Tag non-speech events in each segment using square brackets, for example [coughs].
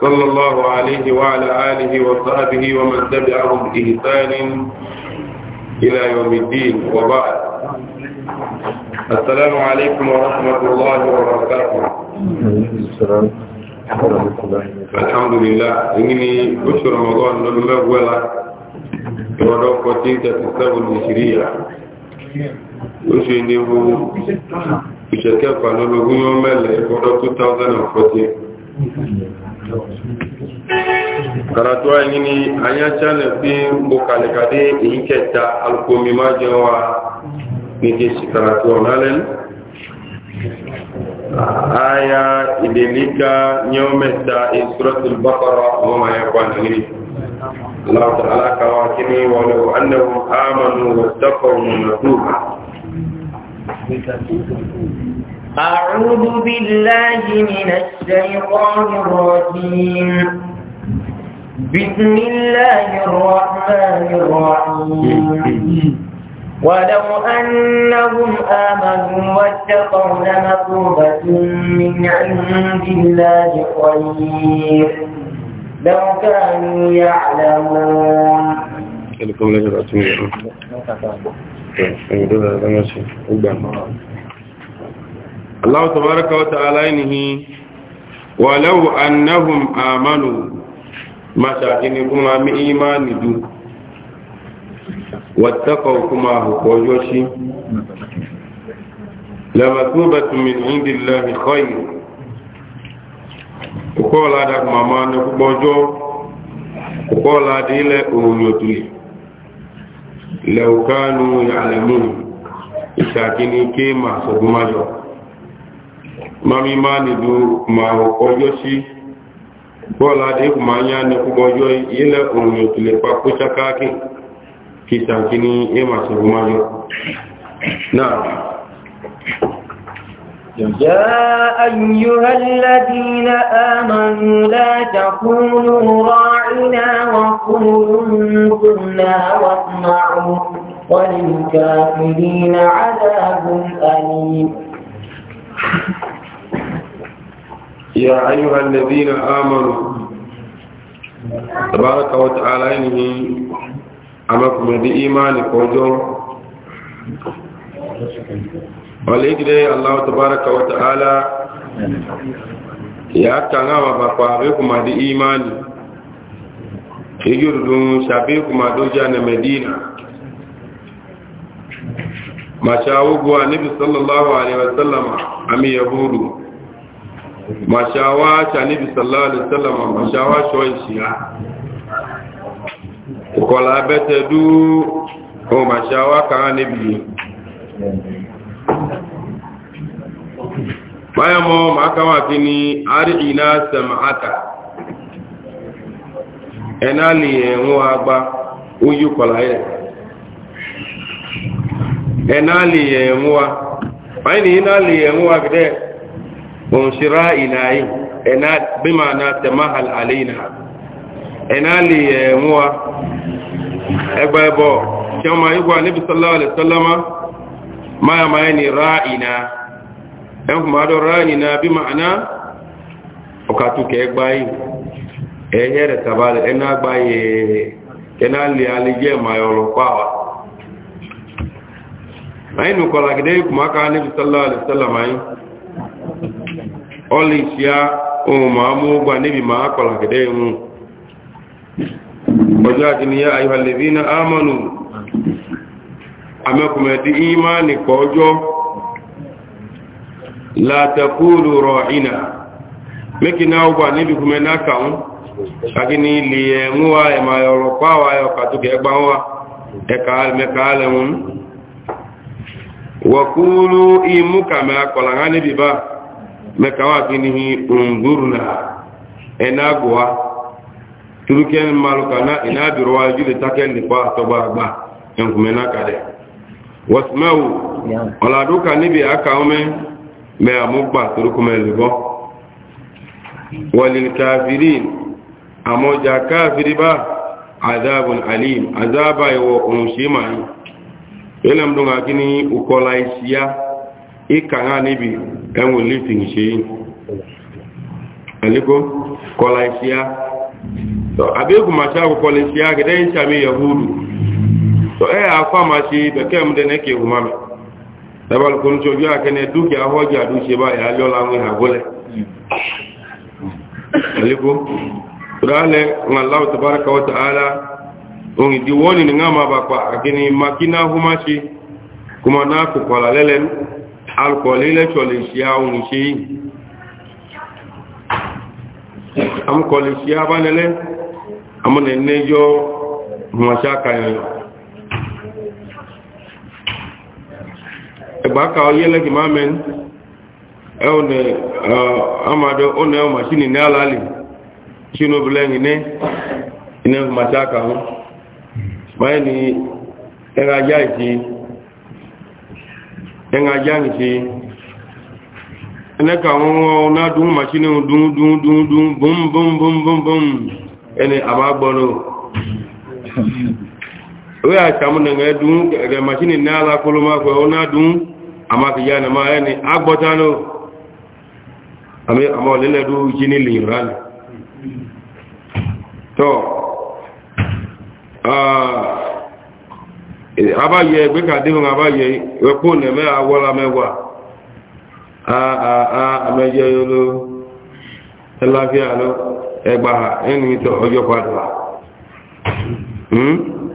صلى الله عليه وعلى آله وصحبه ومن تبعهم بإحسان إلى يوم الدين وبعد السلام عليكم ورحمة الله وبركاته الحمد لله إني بشر رمضان لم أولا ورد 14 تسبب الهجرية وشيء ìṣẹ̀kẹ́ pàlọ́lógún yóò mẹ́lẹ̀ ọdọ́ 2014 karatu ayi ni anyatsa le fi mo kalika de eyi kɛta alukomi ma jɛ wa nege si karatu ɔna lɛ nu aya idelika nyɔmɛta esuratul bakara ɔma ya kɔ anagiri alahu ta'ala kawa kini wale wa anahu amanu wa tafawu na tuha. أعوذ بالله من الشيطان الرجيم بسم الله الرحمن الرحيم ولو أنهم آمنوا واتقوا لمثوبة من عند الله خير لو كانوا يعلمون الله تبارك وتعالى إنه ولو أنهم آمنوا ما شاكينكم عم إيمان دو واتقوا كما هو جوشي لمثوبة من عند الله خير وقال هذا ماما نكبوجو وقال هذا إلى أولوتي lẹ́ọ̀kánú àlẹ́mú ìṣàkíní ké máa sọ̀gbọ́n máa yọ mami máa nìdú máa ọjọ́ sí bọ́ọ̀lá dẹ́kù máa ń yá ní púpọ̀ ọjọ́ ilẹ̀ òun ìtìlẹ̀ papò ṣakáàkì يا أيها الذين آمنوا لا تقولوا راعنا وقولوا انظرنا واسمعوا وللكافرين عذاب أليم يا أيها الذين آمنوا تبارك وتعالى أمكم بإيمانكم وجوه maliki dai Allah tabaraka wa ta'ala ya tanga wa bakwabe kuma da imani hijirun shabe kuma doja na Medina mashawugwa nabi sallallahu alaihi wasallam ami yahudu mashawa cha nabi sallallahu alaihi wasallam mashawa bayamo makawa kini arina sam'aka enali enwo agba oyu kola ile enali enwo bayini enali enwo agde onshira ilai ena bima na tamahal alaina enali enwo egba ebo kama igwa nabi sallallahu alaihi wasallama maya mayani ra'ina ẹkùn bá dọ́rọ̀ ní na bí ma'ana ọkàtùkẹ́ gbáyé ẹ̀yẹ́ rẹ̀ tàbálẹ̀ ẹ̀nà gbáyé ẹ̀nà lè alẹ́jẹ́ mayọ̀rọ̀ pàwà ayin nukọla gidẹ ikuma aka níbi sallallahu alaihi wasallam ayin ọlẹ ìṣíá ohun máa mú gbà níbi máa kọla gidẹ ọjọ́ àti níyà ayọ̀lẹ̀bí na ámọ́nù amẹ́kùnmẹ̀dí ìmá nìkọ́ ọjọ́ la taqulu ra'ina meki na ugwa ni bi kuma na kan agini li e muwa e ma yoro pa wa yo ka tu ge gba wa e ka me ka le mun wa qulu imuka ma qala ngani bi ba me ka wa unzurna e na gwa turuken maluka na ina bi taken ka de wasmau wala mɛ amugba torokuma lebɔ walil kafirin amɔdza kafiriba azabun alim azaba iwɔ onusema yi elam dun akini ukɔla isia ikanga nibi ɛŋu lifin se yi aliko kɔla isia tɔ abe kumasi akɔkɔla isia gɛdɛ nsami yahudu tɔ ɛ sabal kun cogi a kene duki a hoji a duce ba ya lola mun ha gole aliku dale ngallahu tabaraka wa ta'ala on di woni ni ngama ba kwa makina humashi kuma na ku kwala lelen alkoli chole shia un shi am koli shia ba lele amone nejo mashaka yo ẹgbà e ka ọyẹ lẹ́kì máa mẹ́ ẹ̀ọ̀nẹ̀ amadu ọ̀nà ẹ̀ọ̀ màṣínì ní alálì ṣínú obìnrin ní iná màṣá kàwọn báyìí ni ẹ̀rọ ajá ìṣe ẹ̀rọ ajá ìṣe ẹ̀nẹ́kà wọn ọ̀nà dun dun dun dùn dùn dùn bùm bùm bùm bùm ẹni àbá gbọ́nà oye àtàmù nàngà na ẹ̀rẹ̀ a ní alákòóló máa fẹ́ ọ náà dùn àmàkìyà nà máa ẹni agbọ́tánú àmà ọ̀lẹ́lẹ́dù jí ní lìran tọ́ abáyẹ ẹgbẹ́ kàdéhùn abáyẹ ẹkùn nẹ̀mẹ́ awọ́lá mẹ́wàá àmẹ́jẹ́ yọ́lọ́ ẹláfíà lọ ẹgbàá ẹni tọ́ ọjọ́ padà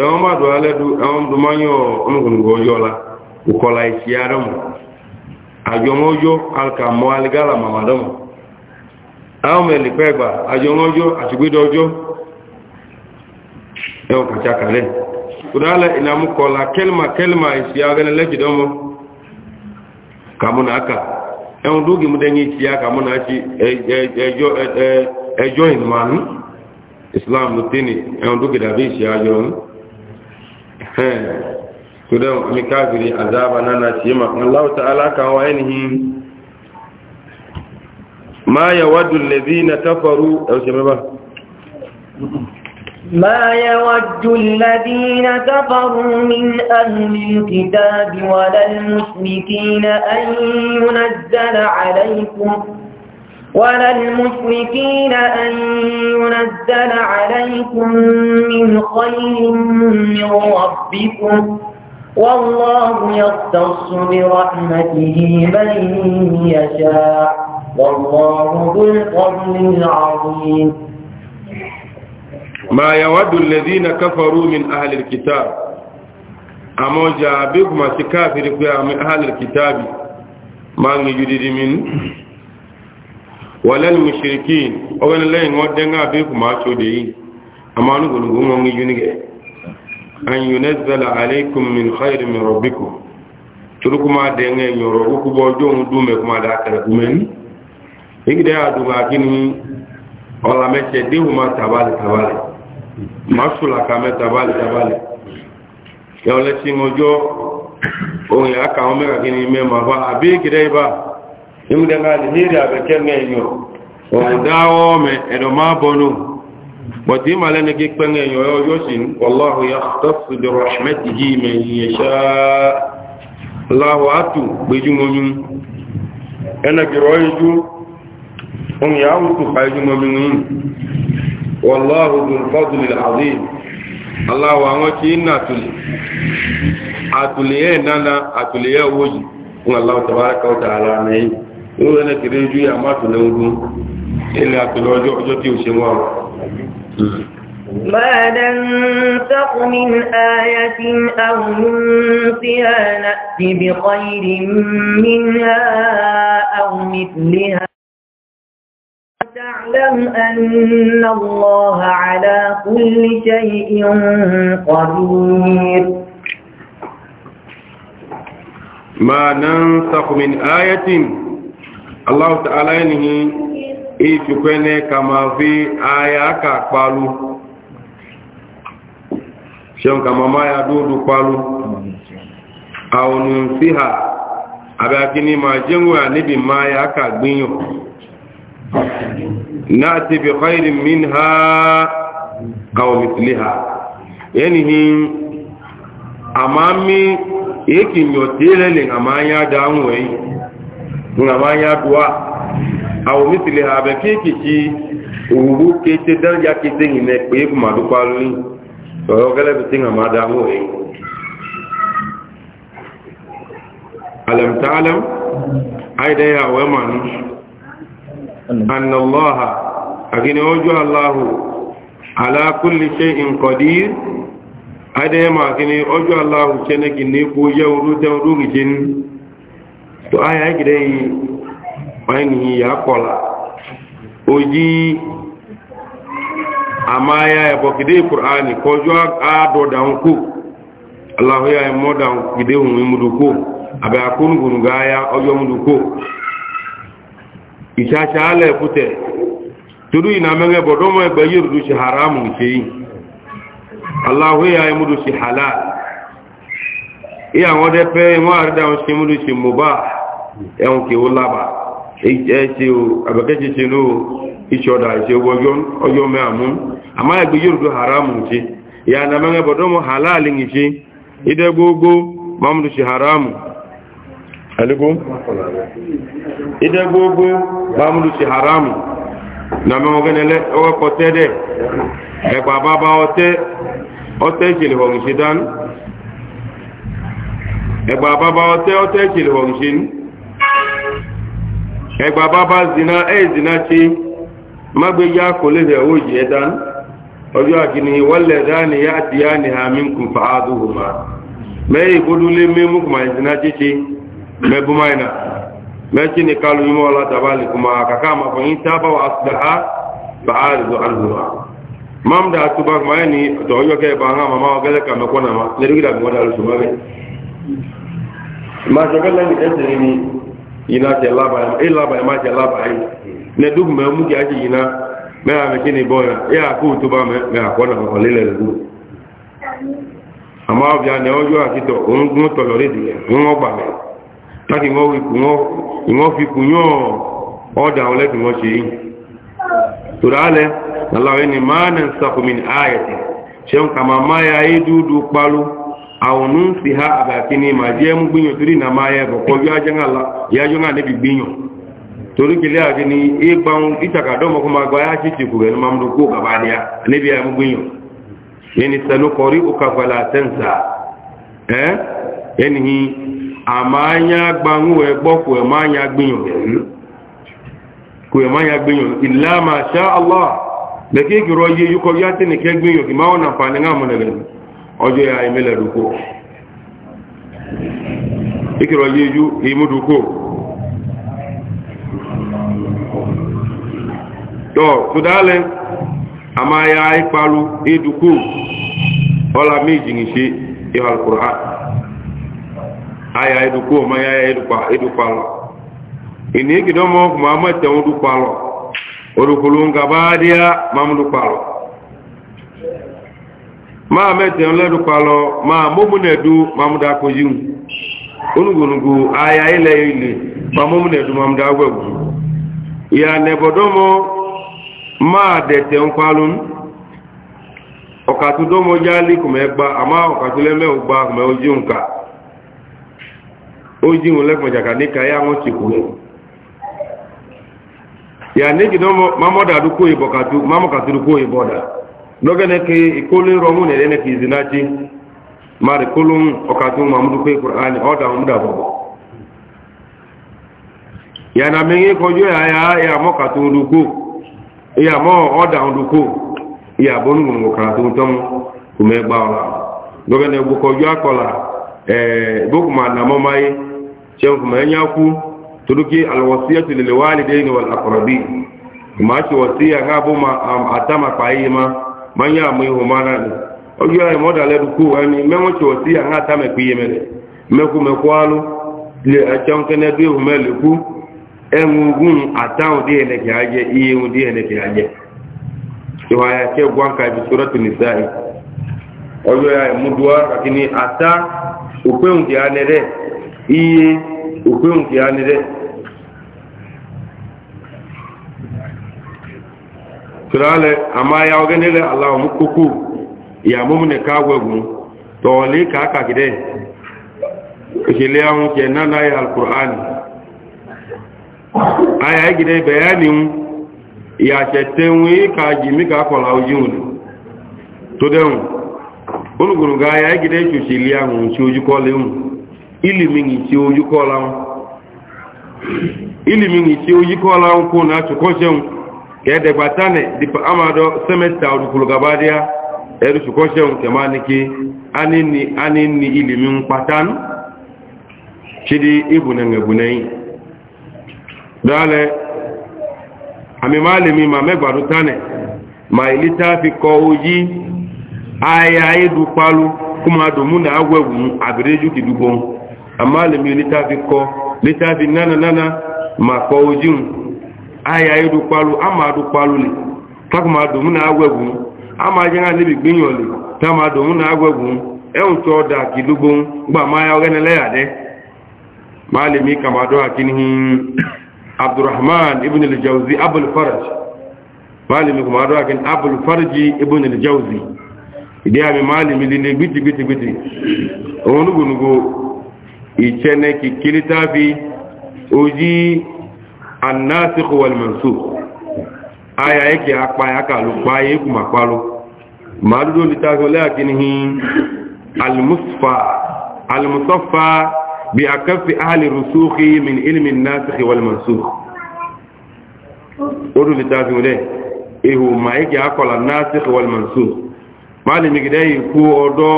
ẹ̀wọ́n bá dùn alẹ́ ẹ̀wọ́n dùn ọmọkùnrin ọjọ́ la ìkọlà ìṣì àdọ́mù àjọmọ́jọ́ alkàmọ́ aligala màmàdọ́mù àwọn mẹ́lì pẹ́gbà àjọmọ́jọ́ àtìgbédọ́jọ́ ẹ̀wọ́n kàtà kùdálẹ̀ ìnàmúkọlà kẹlìmà kẹlìmà ìṣì agẹnilẹ́gbẹ̀dọ́mù kàmúnàákà ẹ̀wọ́n dógì múdẹ́yìn ìṣì islam tudan mikafiri azaba na na cima Allah ta'ala kan wa ainihi ma yawaddu alladhina kafaru aw shema ba ما يود الذين كفروا من أهل الكتاب ولا المشركين أن ينزل عليكم ولا أن ينزل عليكم من خير من ربكم والله يختص برحمته من يشاء والله ذو الفضل العظيم ما يود الذين كفروا من أهل الكتاب أما جابكم كافر من أهل الكتاب ما يجدد من walen mushrikin ogan lay ngodde nga be kuma chode yi amanu gonu gongo ngi junige an yunazzala alaykum min khairin min rabbikum turukuma de nga nyoro ku bo jongu dume kuma da kala kumeni igide adu ba kini ola meche de huma tabale tabale masula kame tabale tabale ya ole singojo o ya imde nga alihiri abeke ngenyo ondawo me edo mabonu boti male ne gikpe ngenyo yo yosin wallahu yahtassu bi rahmatihi man yasha Allahu atu bejumonyu ena giroyju um yautu O wallahu dhul fadli al azim Allahu angochi inatuli atuliye nana atuliye wuji Allah tabaraka wa ta'ala alayhi ìwé ẹ̀nà kìrì ojú yà má tún lẹ́wọ́dún ilẹ̀ àtúnlẹ̀ ọjọ́ ọjọ́ tí ó ṣe wọ́n ما ننسق من آية أو ننسها نأت بخير منها أو مثلها تعلم أن الله على كل شيء قدير ما ننسق من آية Allah ta'ala yanihi ifikwene e kama fi aya aka kpalu ṣeun kama ma ya dúdú palu ha fiha abakini ma jinwa nibi ma ya aka gbiyo na ti bi khairin min ha kawo mitili ha yanihi a e ma mi ikin yau tilelin a ya da anwai nga ma nya duwa awo misili ha be ke kici ubu ke te dar ya ke te ni ne pe ku ma du kwa lui to yo tinga ma da ngo e alam ta'lam ai da ya wa ma ni anna allah agini ojo allah ala kulli shay'in qadir ai da ya ma agini ojo allah chene ki ne ku ya uru da uru gijin to aya gida yi wani ya kola oji amma ya yabo gida a do dan ku ya yi mo dan gida hun mu du ko abe akun gun ga ya ojo mu ko isa chale tudu ina menge bodo mo e yir du shi haramu shi ya yi halal iya ẹ̀hùn kí ó o ṣe ló iṣẹ́ ọ̀dà ìṣẹ́ ọjọ́ mẹ́àmú àmá yóò haramu ṣe ìyá àdàmẹ́rẹ́ bọ̀dọ́mọ̀ halali ń ṣe idẹ́ gbogbo ṣe haramu aligun haramu Na bàbá ọtẹ́ ọtẹ́ ìṣẹ̀lẹ̀ ẹgbà bàbá zina ẹ̀ zina tí magbéjá kò lè rẹ̀ òjì ẹ̀dán ọjọ́ àkíní wọ́lẹ̀ dáni yá ti yá ni hàmí kù fàádù hùmá mẹ́yì ìgbódúlé mímú kùmà ìzina títí mẹ́bùmáìnà mẹ́tí ni kálù mímọ́ ọlá tàbálì kùmà kàkà máa fọyín tábà wà sídáhá fàádù hùmá mamda tuba kuma yẹ ni tọjọ kẹ bá hàn mama ọgẹlẹ kàmẹ kọnà ma lẹdí kí dàgbọn dàlù sùmọ bẹ. màá yina kɛ laban ye e laban ye ma kɛ laban ye ne dugu mɛ mun kɛ a kɛ yina mɛ a mɛ kini bɔ yan e y'a k'o to ba mɛ mɛ a kɔ na ɔle lɛ dugu a ma bi a nɛ yɔ a ti tɔ tɔlɔ de di mɛ fi ɔ o yi lɛ maa sakomi ni a yɛ maa y'a ye dudu kpalo. àwọn fi ha àbàkí ni ma jẹ́ mú gbíyàn torí na máa yẹ ẹ̀kọ́ yájọ́ náà níbi gbíyàn torí kìlẹ̀ àti ni ipa ń ìtàkàdọ́mọkún ma gba yájí ti kùrẹ̀ ní mamdu kó gaba ní a níbi ẹ̀mú gbíyàn yẹni sẹ́nu kọrí ó kàfàlà ẹ́ ẹni hi gbọ́ ẹ̀ máa yá ẹ̀ máa yá ìlà máa ṣá ọjọ́ ya ìmẹ́lẹ̀ dùkú ìkìrọ̀ yíjú ìmú dùkú tọ́ tùdálẹ̀ a máa ya ipalu ìdùkú ọlá méjì ní ṣe ìhà alkùrá aya ìdùkú ọmọ ya ìdùpalọ̀ ìní ìkìdọ́mọ́ ń máa mẹ́tẹ̀ ọlẹ́dù palọ máa mọ́múnẹ̀dú mamúdá kojú onugbonugbo aya ilẹ̀ ilẹ̀ ma mọ́múnẹ̀dú mamúdá gbẹ̀gbù ìyà nẹ̀bọ̀dọ́mọ́ máa dẹ̀tẹ̀ ń palún ọ̀kàtúndọ́mọ́ já líkùnmẹ́ gba àmá ọ̀kàtúlẹ́mẹ́ ògbà kùnmẹ́ ojú nǹka ojú lẹ́kùnjàkà ní kayá wọn ti kù ìyà nẹ́gidọ́mọ́ mamọ́dàdúkó ìbọ̀kàtú mamọ́kàtúndúkó ìbọ̀dà dogene ke ikole romu ne ne ki zinaji mari kulum okatu mamudu pe qur'an oda umda bobo ya na mengi kojo ya ya ya mo katu duku ya mo oda duku ya bonu mo katu tom kume gba ola dogene bu kojo akola eh bokuma na mo mai chen kuma nyaku turuki alwasiyatu lilwalidain wal aqrabin ma ci wasiya ngabo ma atama paima manya amụ ihu mara nị ọjọ anyị mọda ledukwu anyị menwe chọọ si ya e ha ta mekwa ihe mere mekwu mekwu alụ le acha nkene du ihu melekwu enwugwu atanwu dị eneke aje ihe enwu dị eneke aje ihu anya ke gwa nka ibi sura tunisai ọjọ anyị mụdua kakini ata okwenwu dɛ iye ihe okwenwu dị dɛ. firale ama ya ogenele ala mukuku ya mumne kagwegun to le ka ka gide kile an ke nana ya alquran aya gide bayani ya chetenwi ka jimi ka kola ojun to deun oluguru ga ya gide chusili an chi ojuko leun ilimi ni chi ojuko laun ilimi ni chi la laun ko na chuko seun kẹ́ẹ̀dẹ̀gbà tánì dípa amádọ́ sẹ́mẹ́ta olùkùlùgàbádíá ẹ̀rù ṣùkọ́ṣẹ́un kẹma ní kí a ní ní ilimi ń pàtánù ṣídí ìbùnẹ̀gbùnẹ̀yìn dálẹ̀ àmì máa lè mi ma mẹ́gbàdú tánì ma ìlí tá fi kọ oyí aya ìdú palu kó máa dùn múnà awẹ́wùn ma kọ aya idu kpalu ama adu kpalu le taku ma domu na agwẹgun ama jẹnga lebi gbiyan le ta ma domu na agwẹgun e ẹun tọ da kidugbo gba ma ya ọgẹ nẹlẹya dẹ ma le mi kama dọ akini [coughs] abdulrahman ibn al-jawzi abul faraj ma le mi kama dọ akini abul farji ibn al-jawzi ìdí àmì ma le mi lile gbiti gbiti gbiti òun nugunugo ìtsẹnẹ kìkiri annasikh wal mansukh aya yake apa ya kalu pa ye kuma palo madudo litazo lakini al musfa al musaffa bi akafi ahli rusukhi min ilmi an-nasikh wal mansukh odu litazo le ehu ma yake akola nasikh wal mansukh mali migdai ku odo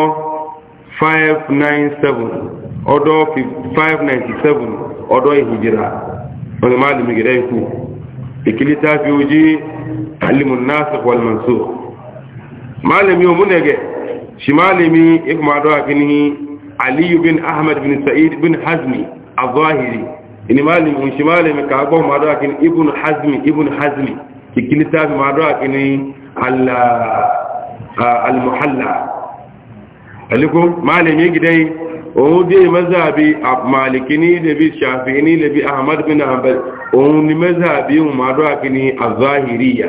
597 odo 597 odo hijra wani malumi gida yanku ikili ta fi oji alimun nasa wal mansur malami o munege shi malami ya kuma adawa kini aliyu bin ahmad bin sa'id bin hazmi a zahiri ini malami shi malami ka agbon ma adawa kini ibn hazmi ibn hazmi ikili fi ma adawa kini òun dé mẹ́zàbí àmàlìkì ní lèbí ṣàfi ní lèbí ahmad bin hanbal òun ni mẹ́zàbí mọ́dọ́ àkíní azahiriya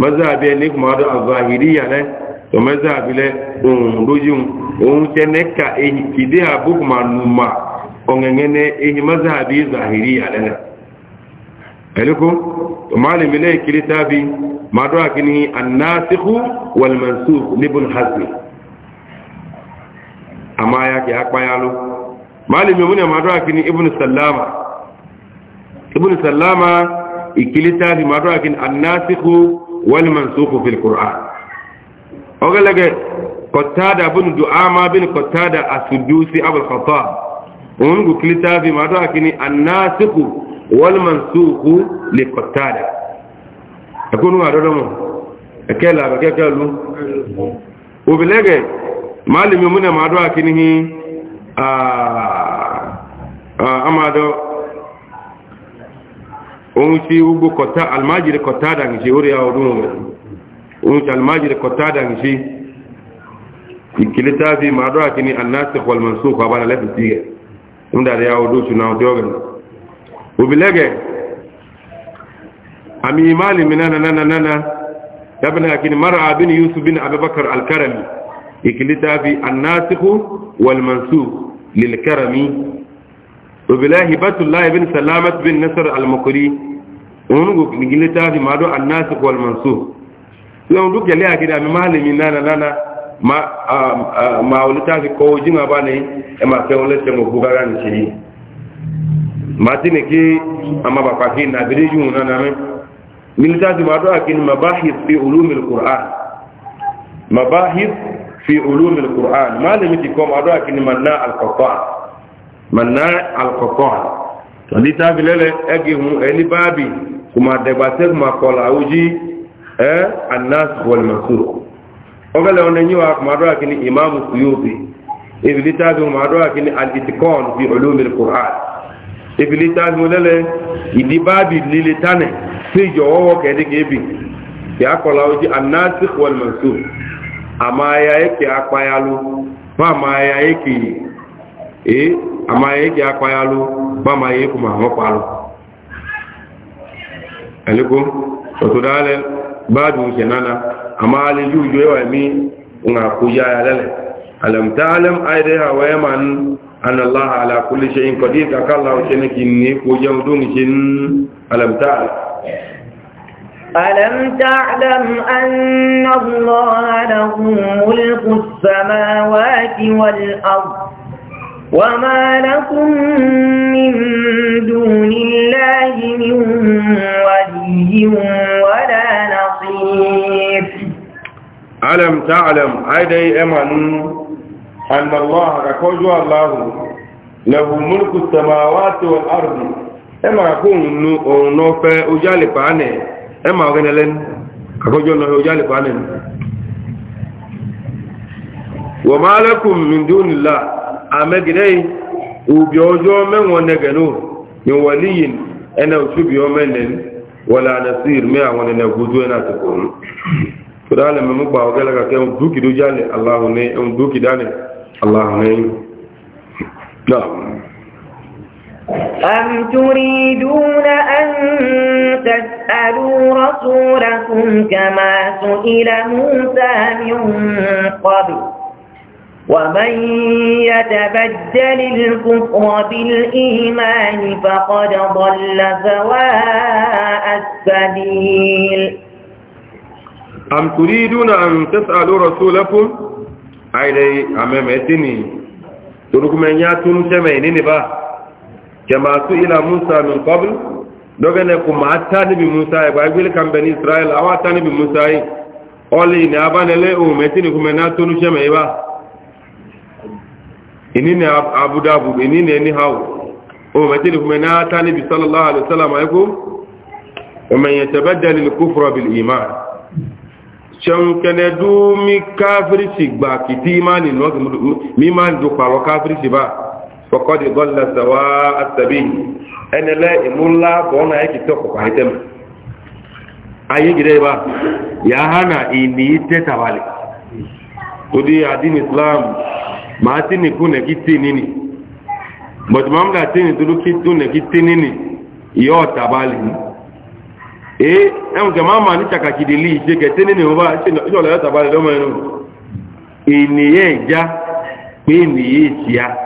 mẹ́zàbí ẹni mọ́dọ́ azahiriya rẹ̀ tó mẹ́zàbí lẹ òun lójú òun tẹ́ nẹ́ka ìdí àbúkùmá nùmà ọ̀ngẹ̀ngẹ́nẹ́ èyí mẹ́zàbí zahiriya rẹ̀ ẹ̀lẹ́kọ́ tó máa lè mílẹ̀ ìkiri tábí mọ́dọ́ àkíní annáṣíkú níbùn hasbi amma ya ke akpa ya lo malami mun ya madara kini ibnu sallama ibnu sallama ikilita ni madara kini annasikhu wal mansukhu fil qur'an ogalage qatada bin du'ama bin qatada as-sudusi abul khattab ungu kilita bi madara kini annasikhu wal mansukhu li qatada akunu adodomo akela bakakalu obilege mali mi muna madu akinihi amado ohun ti ugbo kọta almajiri kọta da nìṣe orí ọdún ohun ohun ti almajiri kọta da nìṣe ìkìlítà fi madu akini annasi kwalmansu kwabana lẹ́fì sí ẹ̀ ń dàrí ọdún ṣùnà ọdún ọgbẹ̀n òbílẹ́gẹ̀ àmì imali mi nana nana nana dábìnà akini mara abin yusuf bin abubakar alkarami ikilita fi annasiku walmansu lilkarami obilahi batullahi bin salamat bin nasar almakuri onugo ikilita fi mado annasiku walmansu yawon duk yale a gida mi malami nana nana ma wulita fi kowo jima ba ne ya ma fẹ́ wọlé sẹ́mu kú gára ní ṣe yìí ma ti ne ke a ma bàkàkì nàbẹ̀rẹ̀ yìí wọn nana mẹ́ milita fi mado akini mabahis fi ulumil qur'an mabahis fi ulumi alquran malami ti kom ado akini manna alqatan manna alqatan to ni tabi lele egi hu eni babi kuma degbate kuma kola uji eh annas wal mansur ogale onenyi wa kuma ado akini imam suyuti ibili tabi kuma ado akini al itqan fi ulumi alquran ibili tabi lele idi babi lile tane fi jowo kedi gebi ya kola uji annas wal mansur amaya eke akpayalu mamaya eke e amaya eke akpayalu mamaya eku ma ho palu aliko to dale badu jenana amali juju ewa mi ya kuya yalele alam ta'lam aidaha ma yaman anna allah ala kulli shay'in qadir ka kallahu shenaki ni kuya udun shin alam ta'lam ألم تعلم أن الله له ملك السماوات والأرض وما لكم من دون الله من ولي ولا نصير ألم تعلم أيدي أمن أن الله ركوج الله له ملك السماوات والأرض أما أكون نوفي أجالي فعنه ẹmà ọ̀gẹ́nẹ lẹ́nu àkójọ lọ ọjọ́ àlèkò ánẹ́nu wọ̀n máa lẹ́kùn mìndí ònìlá àmẹ́gìdẹ́ òbí ọjọ́ mẹ́wọ̀n nẹ́gẹ̀nú ìwọ̀líyìn ẹnà òṣùbí ọmọ ẹnẹ́nu wọ̀lá ànàsí ìrìnmẹ́ àwọn ẹnẹ́ gbójú ẹnà àtìkò ọ̀run tó dáálẹ̀ mẹ́mú pa ọ̀gẹ́ lẹ́kàkẹ́ ohun أم تريدون أن تس فاسألوا رسولكم كما سئل موسى من قبل ومن يتبدل الكفر بالإيمان فقد ضل سواء السبيل أم تريدون أن تسألوا رسولكم أي أمامتني تركم أن يأتون سمعيني با كما سئل موسى من قبل doge ne ko ma ta ni bi musa e ba gbele kan ben israel awa ta ni bi musa e oli ni abane le o meti ni kuma na tonu sheme e ba ini ne abu dabu ini ne ni hawo o meti ni kuma na ta ni bi sallallahu alaihi wasallam e ko o men yatabaddal al kufra bil iman chan kene du mi kafiri sigba kiti imani no mi man du palo kafiri si ba kọkọdị gọlla zawa asabi enele emula bụ ọna ekete ọkụkọ item anyị gịrị ebe a ya ha na ini ite tabali ụdị adịn islam ma atinikwu na ekete nini but ma m ga-atini duru nini ihe tabali. ee enwe ma ama nicha ka kidili ije kete nini ụba ihe ọla ya tabali ọmọ enu ini ya eja kpe ini ya eji ya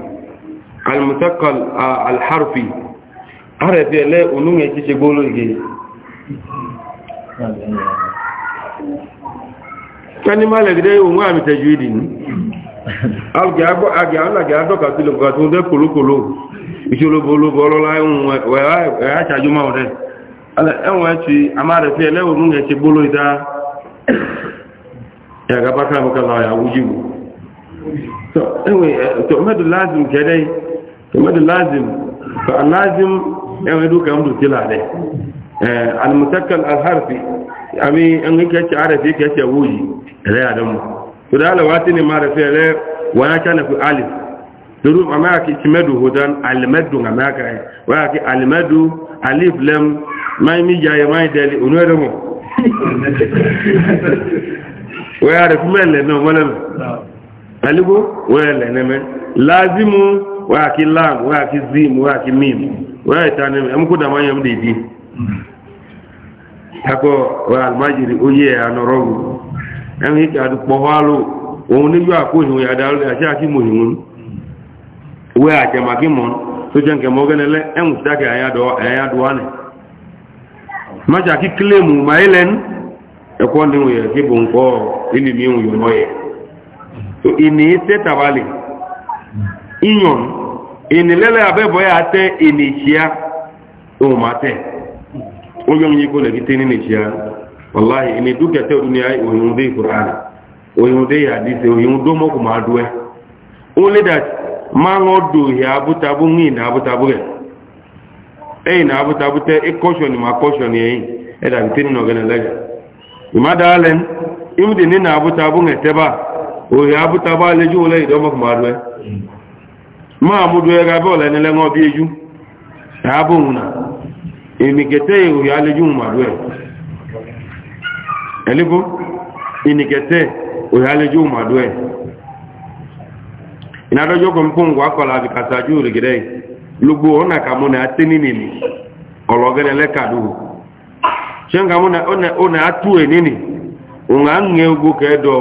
المثقل الحرفي عرف لا kolokolo a chaju ma enwe ti amare fi ele onu nge ti bolo ida ya ga baka mo kala ya wujibu Eh, to anyway to madu lazim kedai to madu lazim fa lazim ewe duka mdu kila ne eh al mutakkal al harfi ami an yake ci arafi yake ci wuji rai adam to da alawati ne marafi rai wa ya kana fi alif duru amma yake ci madu hudan al madu amma ka wa yake al madu alif lam mai mi jaye mai dali unore mo wa ya rafi mele no mole alibo waya leneme lazimu waya ki lam waya ki zim waya ki mim waya taneme amko da manyam didi tako waya almajiri oye oh, anorogu em hiki adu pohalo ohun ni yo akohin ya dalu ya sha ki muhimun waya ke makimon to jenke mogenele em ustake aya do aya duane maja ki claim mailen ekon ni wo ye ki bon ko ini mi wo yo moye ini te tabali inyon ini lele abe boya ate ini chia o mate o yon yi le ti ni chia wallahi ini duke te dunia ai o yon de qur'an o yon de hadith o yon do mo ma duwe only that ma ngo do ya abuta bu ni na abuta bu e na abuta bu te e caution ma caution ye e da ti no gele le imada alen ni na abuta bu ngete ba ohe abụta ba ala eju ole ide ọmọkụ ma rue ma mụdu ya gabe ole nele nwa ọbịa eju ya abụ nwụna inikete ya e ohe ala eju ma rue elibo inikete ohe ala eju ma rue inadojo ko mpo ngwa kola bi kasa ju rigire lugbo ọ na ka mụ na ate atini nini ologene le kadu chenga mụ na ona ona atu e nini unga nge ugo kedo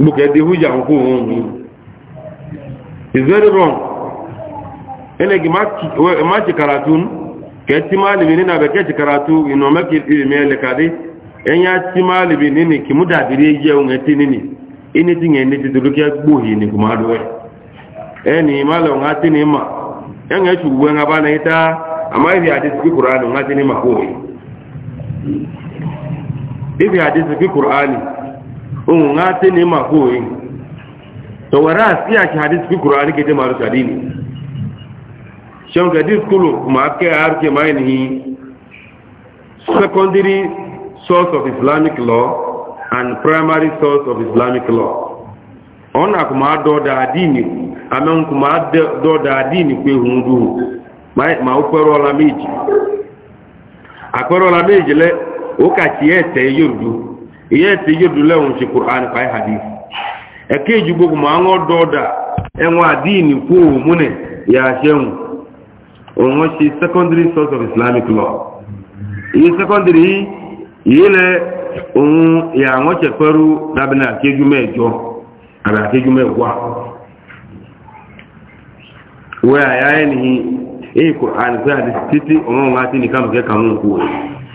look at the huja ko is very wrong ene gi ma ma ci karatun ke ti malimi ni na be ke ci karatu ino e ma ki ilmi ele kadi en ya ti malimi ni ni ki mudabiri je un eti ni ni ini e ti ngene ti dulu ke gbo yi ni kuma do eni malo e ngati ni ma en ya chuwe nga bana ita ama ibi hadith ki qur'an ngati ni ma ko ibi hadith ki qur'ani ohun ha te na ma ko oyi. to whereas iya ki hadith fi qur'ani ke te maru sadini shon ga dis ma ke ar ke secondary source of islamic law and primary source of islamic law ona kuma do da adini amen kuma do da adini pe hundu ma ma opero ọla meji akoro ọla meji le o chi ti ete yorudu ihe ti yodu lewun ti qur'an kai hadith eke keju gbogbo ma won doda enwa adini ku mune ya sheun won si secondary source of islamic law yi secondary yile ohun ya won che peru dabina ara keju mewa we aya ni ko hadith titi ohun wa ti ni kam ke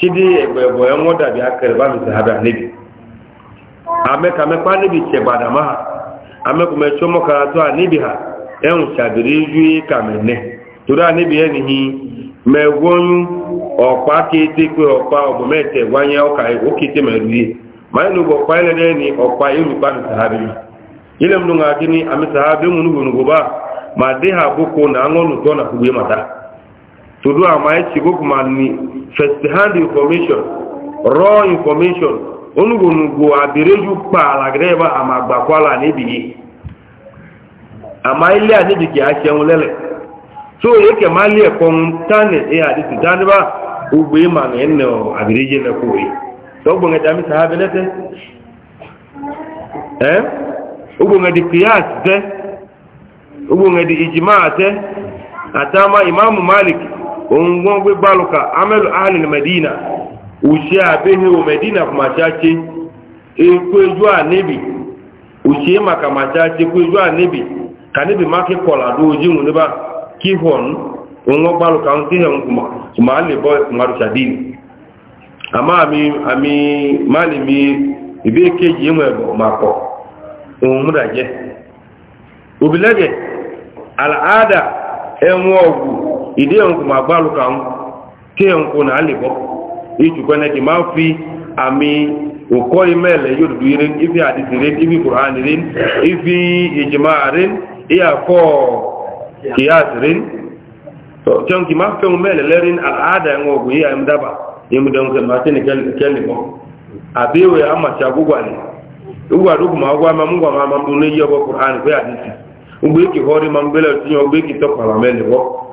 chidi egbe egbe bụ dàbí akẹrẹbá mi sì hábẹ àníbi amẹkàmẹkpá níbi tsẹ gbàdàmà ha amẹkùmẹ tsọmọ kàrà tó ha ẹhùn sàbẹrẹ ju kàmẹ nẹ torí àníbi yẹn nìyí mẹ wọnyú ọ̀pá kété pé ọ̀pá ọ̀bọ̀ mẹ́tẹ̀ wáyé ọkà ó kété mẹ lu yé màá yẹn lóko ọ̀pá yẹn lẹ́yìn ní ọ̀pá yẹn lùpá mi sì mi ń ga kí ni àmì bá ha e nà áńgọ́nù to do am ayi tigo kuma ni first hand information raw information onugbonugbo abireju kpa alagreba ama gbakwala nibiyi ama ile a nibi kì í ṣẹun lẹlẹ so yeke ma lé ẹkọ ń tánì ẹ àdìsí tánì na gbogbo ìmà ní ẹnẹ ọ abireju lẹkọ yìí tọgbọn ẹja mi sàábẹ lẹsẹ ẹ eh? ogbon ẹdi kìíyà tẹ ogbon ẹdi ìjìmá tẹ àtàwọn imáàmù malik ongon gbe baluka amelu ahlil medina ushe abehe o medina kuma chache ekweju anebi ushe maka ma chache kweju anebi ka nebi maki kola do oji nwune ba kihon ongon baluka n tihe nkuma kuma ale bo maru shadini ama ami ami mali mi ibe keji enwe ebo mako ohun mu daje obilege al'ada enwe ọgwụ ìdí ẹ̀hùn kò máa gbárù kàún kí ẹ̀hùn kò náà lè bọ́ ìjùkọ́ ẹ̀kì máa ń fi àmì òkó imẹ́lẹ̀ yóò dúdú irin ifi àdìsí irin ifi kùrán irin ifi ìjìmá irin ìyàfọ́ kìíyàsí irin tọ́n kì máa fẹ́hùn mẹ́lẹ̀ lẹ́rin àádà ẹ̀wọ̀n ògùn yíya ẹ̀m dábà ìmúdẹ̀hùn kẹ̀mà tí ni kẹ́lì mọ́ àbíwẹ̀ àmàṣà gbogbo àlè ugbàdúgbò máa wá máa mú wà máa mú ní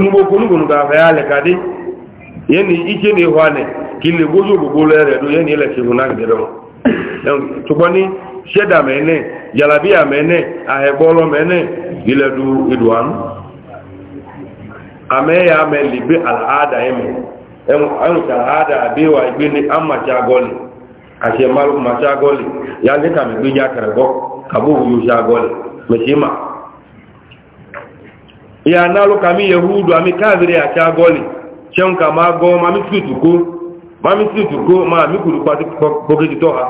mgbe okonugonu ga-ahụ ya alị ka dị ya na ike na-ehu anị ka ile gbozi ogbogbo ya do ya na ile chihu na ngere tukwani sheda mene jalabiya mene ahegbolo mene ile idu iduan ame ya ame libe al'ada eme ẹnu e e ka al'ada abewa igbe ni an macha goli ashe malu macha goli ya nika mi gbe ya kare gbọ kabo wuyo sha goli mechima ya nalo kami yehudu ami kavire ya cha goli chen kama go mami ma mami tutuko ma mi kuru pati pokiti toha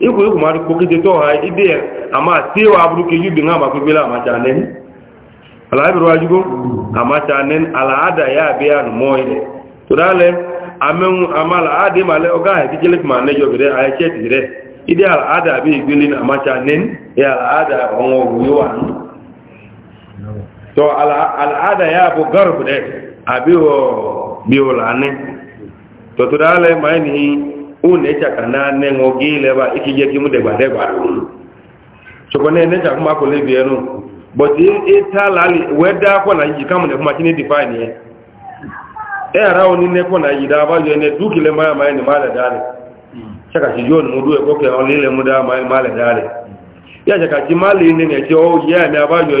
iku iku mari pokiti toha ide ama tiwa abru ke yubi ngama ko bila ma chanen ala ibru ajugo ama chanen ala ada ya biya no moile to dale amen amala ade male oga he tijele ma ne yo bire aye chet dire ide ala ada bi igwelin ama chanen ya ala ada onwo yuwa to al'ada ya bu garbu ne abiwo biyo lane to to dale mai ni une chaka na ne ngogile ba ikije kimu de gbade gba so ko ne ne chaka ma ko le bi enu but ita lali weda ko na yi kamu ne kuma kini define ye e ara ni ne ko na yi da ba yo ne dukile ma ma ni mala dale chaka ji yo mu duwe ko ke on le mu da ma mala dale ya chaka ji mali ne ne jo ye ne ba yo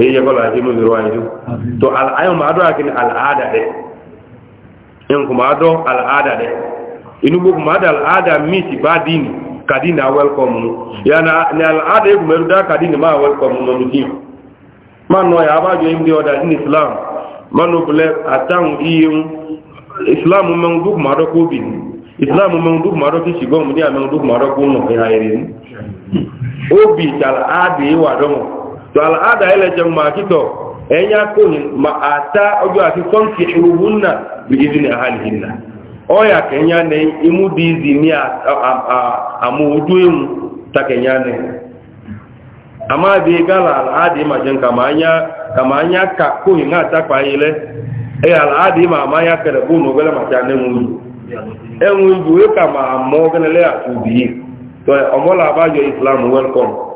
oye yẹ kọlọ ajé lómi ruwa yìí tó ayọ̀ máa dọ́ àkínní àlàáda dẹ nkùn máa dọ́ àlàáda dẹ inú gbogbo máa dọ́ àlàáda míì sì bá dín ní kàdínì àwẹ́lkọ̀mù yàna ní àlàáda egbò mẹ́rin dá kàdínì máa àwẹ́lkọ̀mù nínú tí máa nọ yà abájọ ìmúdí ọ̀dà ní islam máa nọ bulẹ̀ àtàwọn iye ń islam mẹ́rin dúkù máa dọ́ kóbì ní islam mẹ́rin dúkù máa dọ́ kí ṣìgbọ́n ní àmẹ́rin dúkù máa dọ́ kó nù ẹ̀hà ẹ̀rẹ́ ní ó bì ìtàlá àdéhìwà dọ́mọ̀ to al'ada ila jan ma kito en ya ma ata ojo ati konti ruhunna bi idni ahlihinna oya kenya ne imu dizi ni a amu uduim ta ne bi gala al'adi ma jan kamanya kamanya ka ko na ata ama ile e al'adi ma ma ya kere bu no gele ma ta ne mu enwu ju e, e ka ma mo le bi to ba yo islam welcome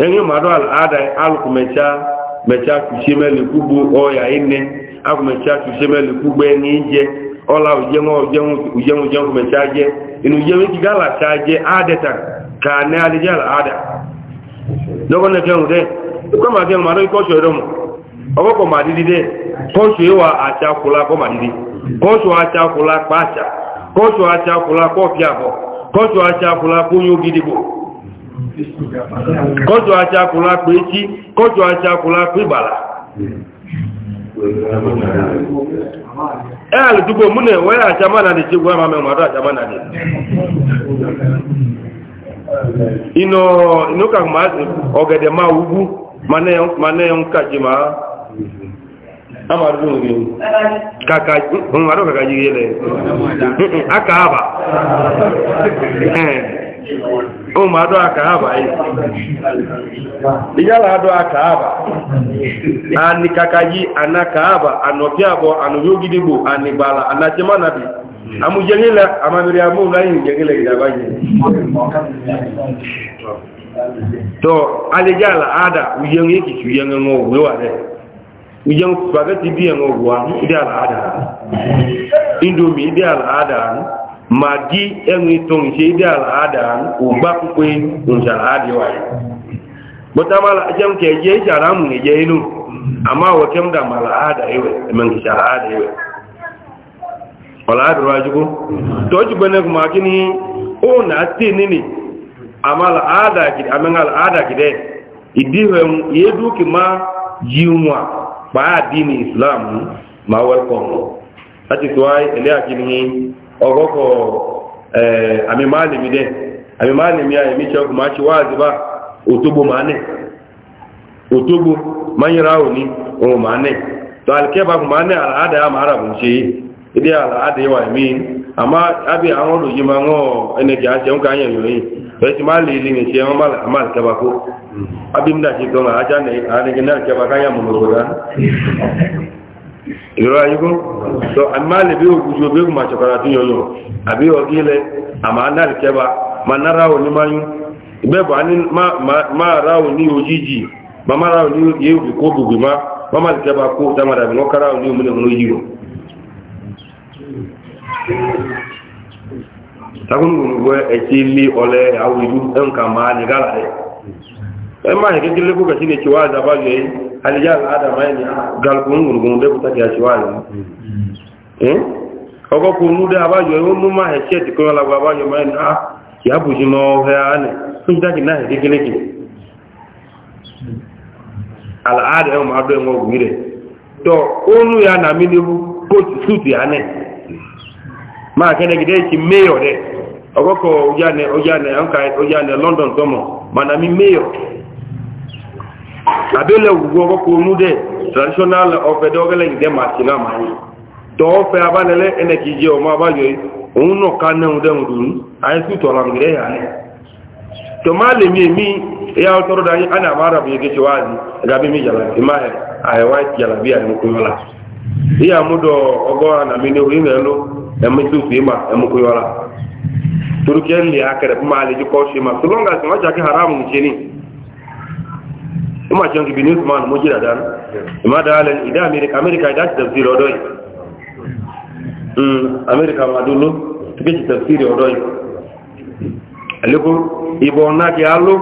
enye mmadụ ada alụkụmecha mecha kuchie melikwugbo ọya ine agụmecha kuchie melikwugbo n'ije ọla ujenwujenwu mecha je inu ujenwu ji galacha je adịta ka adịjala ada mmadụ acha kwụla kọ acha kwụla acha kwụla acha kwụla ogidigbo kọjọ ajakula pé tí kọjọ ajakula pé bàlá ẹ́ àlùdúgbò múnẹ̀ lè aṣa lè inú ọ̀gẹ̀dẹ̀ máa ma ń kàjí máa amàdúgbò rí rẹ̀ akáàbà ó máa dọ́ àkàábà yìí ìyára dọ́ àkàábà anikakayi anakaábà anọ̀bíàbọ̀ anọ̀yógídígbò anìbàlà anájẹ́mánàbì amújẹ́gílẹ̀ amábìrì amóhùnláyìn jẹ́gílẹ̀ ìjàbá yìí tọ́ alẹ́jẹ́ àlàádà uyen ekìkì uyen ẹ̀wọ̀n òwúwà rẹ̀ uyen spaghetti bí ẹ̀wọ̀n òwúwà ní ìdí àlàádà indomie ìdí àlàádà ní ma gị enwe tonse ịdị ala al'ada ụgba kpukpe nzara adịwa bụtamala jem ka eje ịchara amụ na eje inu ama woke m da ma al'ada iwe eme nke chara ada iwe ọladụrụ ajụkwụ tojigbe na kuma gịnị o na ati nini ama al'ada gidi amenga al'ada gidi idihe ihe duki ma ji nwa kpaa dini n'islam ma welcome that is why ele akini ọgọkọ ẹ eh, a máa lèmi dẹ àmì máa lèmi à èmi tsẹkù máa tsi wáàzì bá òtógbò máa nẹ òtógbò máa nyere àwọn òní òun máa nẹ tó alikẹba kò máa nẹ àlàáda yà ala ràbùn tse ìdí àlàáda yà ma mí àmà àbí àwọn olùyìí máa ìrora yìí kó tó àmà lè bí ògùjò bí ògùn màṣọ̀kọ̀rọ̀ àti yọ̀lọ̀ àbí ọ̀gí ilẹ̀ àmà náà kẹba ma nára ò ní máyún ìgbẹ́bọ̀ á ní máa ra ò ní òjijì ma máa ra ò ní yé òbí gbogbo má lè kẹba kó wọ́n kára ní o. takun gbogbo ẹtí lé ọlẹ àwọn ìlú máa nìgàlà rẹ ẹ má yẹ kékeré kó kẹsí alijal adama ni ah, galkun gurgun de buta eh? ya shiwala eh ogo kunu de abajo e mu ma he che ti ko la abajo ma ni ah ya bu ji no he ane kun da ki na he gele ki al ada e ma do e mo gure to onu ya na mi ni bu ko suit ya ne ma kene gide ki meyo de ogo ko ujane ujane anka ujane london tomo mana mi meyo abele wugo ko ko nude traditional of the ogele nge masina mai to fe abanele ene kije o ma bayo uno kana unde su to la ngire ya to male mi mi e ya da ana mara bi mi jala imahe wa jala bi mudo ogo ana mi ne emi su fi ma li male ji ko shi ma ma jake haramu ni ima jongi bin usman mo jira dan ima dalen ida america america ida tafsir odoi mm america ma dulu tike tafsir odoi aliko ibo na ki alu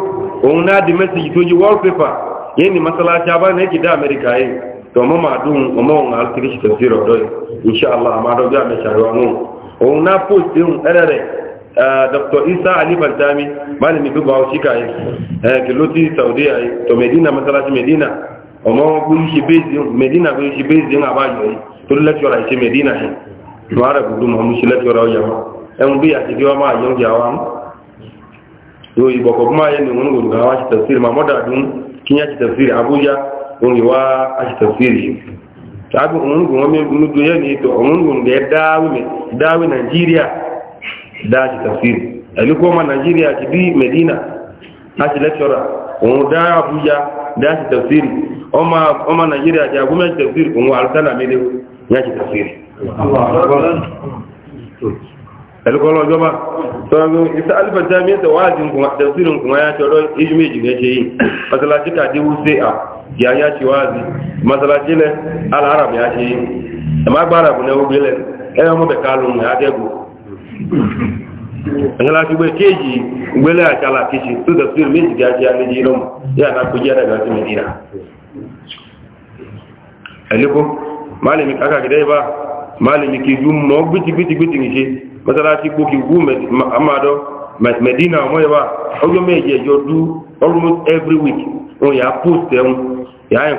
on na di message toji wallpaper yeni masala jaba ne ki da america yi e. to mo ma dun o mo ngal tike tafsir odoi insha allah ma do ga me charo anu on na post un erere Eh, dr isa ali bantami malami gbogbo awon shika yi eh, kiloti saudiya yi to medina masalasi medina ọmọ gbóyí ṣe bèèzì medina gbóyí ṣe bèèzì ń àbáyọ yìí tó lẹ́kṣọ́ra ìṣe medina yìí tó ara gbogbo mọ̀ mú ṣe lẹ́kṣọ́ra ọjà wọn ẹun bí àti bí wọ́n máa yọ ìyá wa mú yóò ìbọ̀kọ̀ bí máa yẹ ní òun òrùka wa ṣe tẹ̀síìrì máa mọ́dà dún kí ní a ṣe tẹ̀síìrì abuja òun ìwá a ṣe tẹ̀síìrì yìí tàbí to òun òun yẹ ní ètò òun òun dáàjì tafsiri ẹ̀lúkọ́ ma nàìjíríà ti bí medina láti lẹ́tọ́rà òun dá àbújá dáàjì tafsiri ọmọ nàìjíríà ti agúnmẹ́jì tafsiri òun alùsánà mẹ́lẹ́ yájì tafsiri ẹ̀lúkọ́ lọ́jọ́bá tọ́rọ ìsá alifàtà mẹ́ta wáàdì tafsiri nǹkan ya ti ọ̀rọ̀ ijú méjì ní ṣe yìí masalasi kàdé wúṣe à yà yá ti wáàdì masalasi lẹ alárabì á ẹ̀yẹ́lá ti gbé kéèjì gbélé àjálà kéèjì tó tẹ̀sí méjì gájí alẹ́jì lọ́mù yà náà kó jẹ́ ẹ̀dàgbà sí mẹ́dínà ẹ̀lẹ́kọ́ máàlìmí kákàkìdẹ́ ìbá máàlìmí kí ju mọ́ gbítígbítígbítí ní ṣe mọ́sálásí gbó kí wú almost every week ya post ya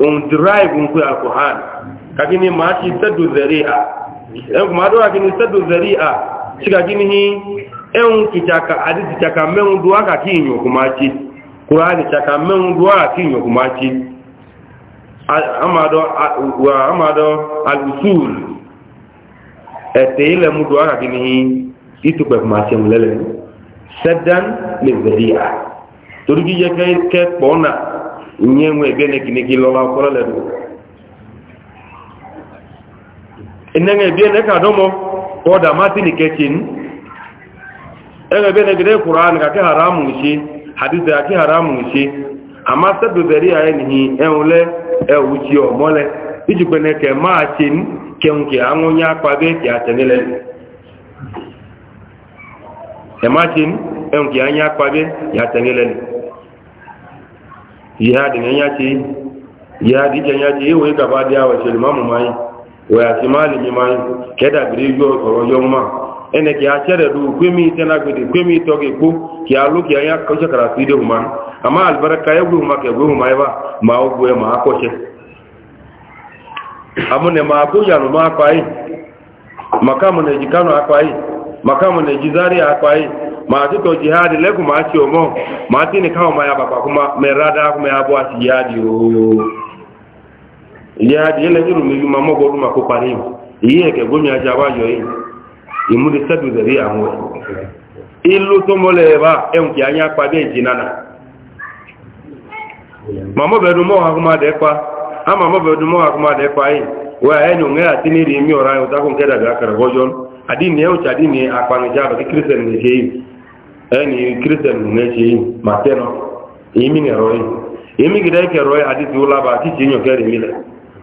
on drive nku alquran kagini ma ci sadu zari'a en eh, ma do kagini sadu zari'a cika gini hi en eh, kitaka aditi chaka men duwa ka kinyo kuma ci qur'ani chaka men duwa ka kinyo kuma ci amado wa amado al-usul etele eh, mu duwa ka gini hi itu pe kuma ci mulele sadan min zari'a turgi je kai ke nye nwe ebene kini ki lola okola le do enenge ebene ka domo oda mati ni ketin enge ebene gide qur'an ka ke haramu shi hadith ya ke haramu shi ama sabu beri ya ni enule e uchi o mole iji kwene ke ke e e anya be ya jihadi ne yace jihadi ke yace ewe gaba da yawa shi limamu mai wa ya simali mi mai keda biri yo oro yo ma ene ki achere du kwemi tena gudi kwemi toge ku ki alu ki anya ko shakara sidi ama amma albaraka ya guhuma ke guhuma ba ma ogwe ma akoshe amune ma akuja no ma akwai makamu ne jikano akwai makamu na jizari akpai ma tuto jihadi leku ma ci omo ma tini kawo ma ya baba kuma me rada kuma ya bo asi jihadi oyo jihadi ele jiru mi ma mo goru ma ko pari iye ke gomi aja wa yo yi imu de sedu de ri amu ilu to mole ba e unki anya pa de jinana ma mo be du mo ha kuma de pa ama mo be du mo ha kuma de pa yi wa enyo nge atini ri mi ora yo ta ko ngeda ga kar gojon adini yau ta adini a kwanin jaba ki kristian ne ke yi ẹni kristian ne ke yi mateno imi ne roi imi gida yake roi hadisi wulaba kici yin yokere mile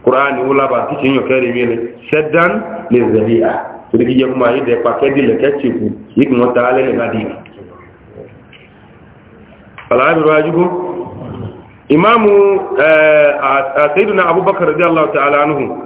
kurani wulaba kici yin yokere mile shaddan ne zari'a su da kije kuma yi da kwa kedi le kece ku yi kuma ta alele na dini alhabiru ajibu imamu a sayyidina abubakar radiyallahu ta'ala anhu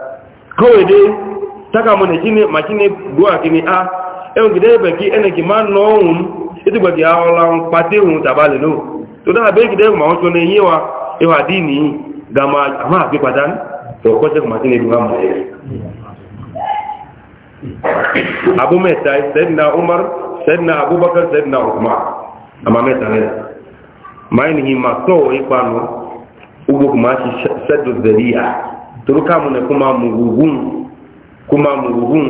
kawai dai taka mu e e e ne kini ma kini a ẹun gida ẹbẹ̀ kí ẹnẹ̀kì máa nọ ohun ìtùgbẹ̀kì àwọn pàtẹ́ ohun tàbálẹ̀ lò tó dáa bẹ́ẹ̀ gida ní yíwa ìwà ní gama àwọn àfi pàdán tó kọ́ṣẹ́ kùmà kí abu mẹ́ta sẹ́dìna umar abubakar ma tọ́wọ́ ipa toro ka kuma mugugun kuma mugugun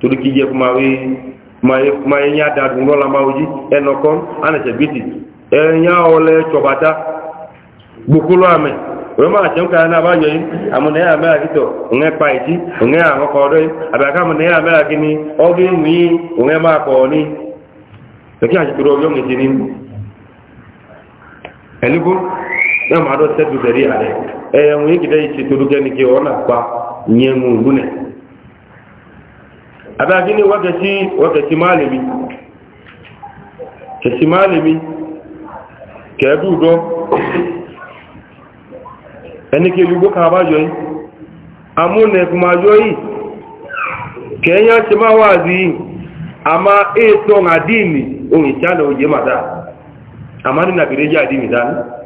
toro kije kuma we ma ye kuma ye nya da dun la ma oji enoko ana se biti e nya ole chobata bukulu ame we ma se nka na ba yo yi amune ya me akito nge pa iji nge a ko do aba ka mun ya me akini ogi mi nge ma ko ni to ki a ji toro yo ngi ni eligo na ma do tedu dari ale e mu yiki dai ci tudu gani ke ona pa nyemu bune ada gini wakati wakati malami ke si malami ke du do eni ke lugo ka ba joyi amune kuma joyi kenya ti ma wazi ama e to ngadini o ni chalo je mata amani na gereja adini dani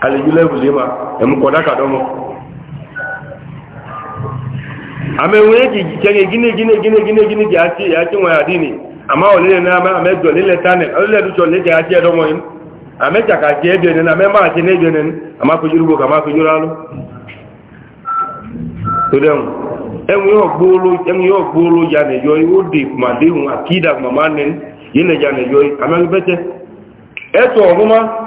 alejule wuli ma emukɔda ka dɔmɔ amewo yɛ ti gine gine gine gine gine ati ama yin ame ame ne dɔ ama fi kama fi yorùbá lɔ to gbolo gbolo ya ne yi akida kuma ma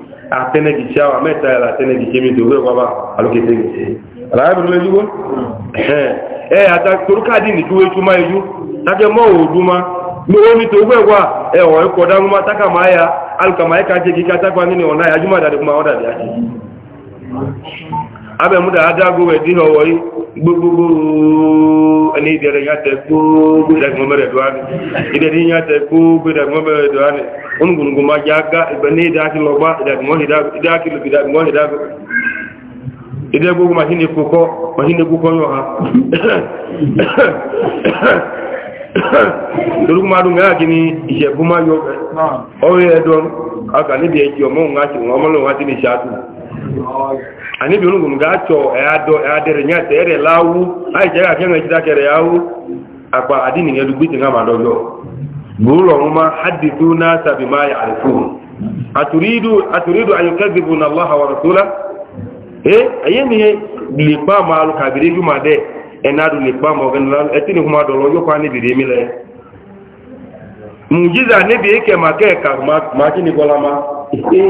atɛnɛgi tsi awa mɛ tayɛ la atɛnɛgi tsi mi do wɛ wa ba alo kete ni tse ala yɛ bolo lɛ yugo ata toro kaadi ni tuwe tuma yi ju take mɔ o duma gbogbo mi to wɛ wa ɛ ɔ ekɔ da ŋuma taka ma ya alikama eka tse k'i ka takpa mi ni ona ya juma da de kuma ɔda de ya abẹ̀múdà adágó ẹ̀ dí ọwọ́ yìí gbogbogbò ẹni ìdẹ̀rẹ̀ yàtẹ̀ gbogbo ìdẹ̀gbọ́n mẹ́rẹ̀ dùn ánì ìdẹ̀rẹ̀ yàtẹ̀ gbogbo ìdẹ̀gbọ́n mẹ́rẹ̀ dùn ánì onígbòǹgbò máa já gá ìgbẹ̀ní ìdákìlọgbá ìdẹ̀gbọ́n ìdágó ìdẹ́gbogbo màṣínì kókọ́ màṣínì kókọ́ yọ ha torí kuma dùn gáà kí ni ìṣẹ̀bú máa yọ ọ̀rẹ́ ẹ̀dọ́n akà níbi ẹ̀jì ọmọ òun á ti wọ́n ọmọ lòun á ti ní ṣáàtù ani bi olungun ga cho e ado e adere nya tere e lawu ai je ga kenga jita kere yawu akwa adini ngedu gbiti ngama dojo bulo huma hadithuna sabima ya'rifun aturidu aturidu an yukadhibuna allaha wa rasula eh ayemi li pa malu kabiri juma de enadu li pa mo gan lan etini kuma do lojo kwa ni bire mi le mujiza ne bi eke make ka ma ma kini kolama eh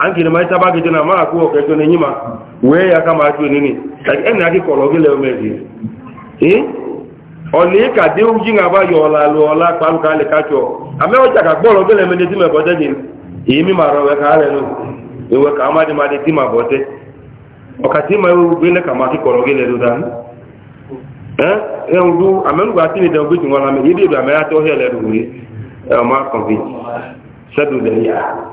an kiri ma ita bagi jina ma ku o kejo ne nyima we ya kama ju ni ni like en aki kolo gile o meji eh o le ka de u jinga ba yo la lo la pa ka le ka ame ọcha jaka gboro gile eme de ti me bote jin mi ma ro ka le no e ka ama dị ma de ti bọte bote o ka ti ma u gile ka ma ki kolo gile do dan eh e un du ame lu ga ti ni de o bi ti won la me ame ya to hele do we e ma convince sadu ya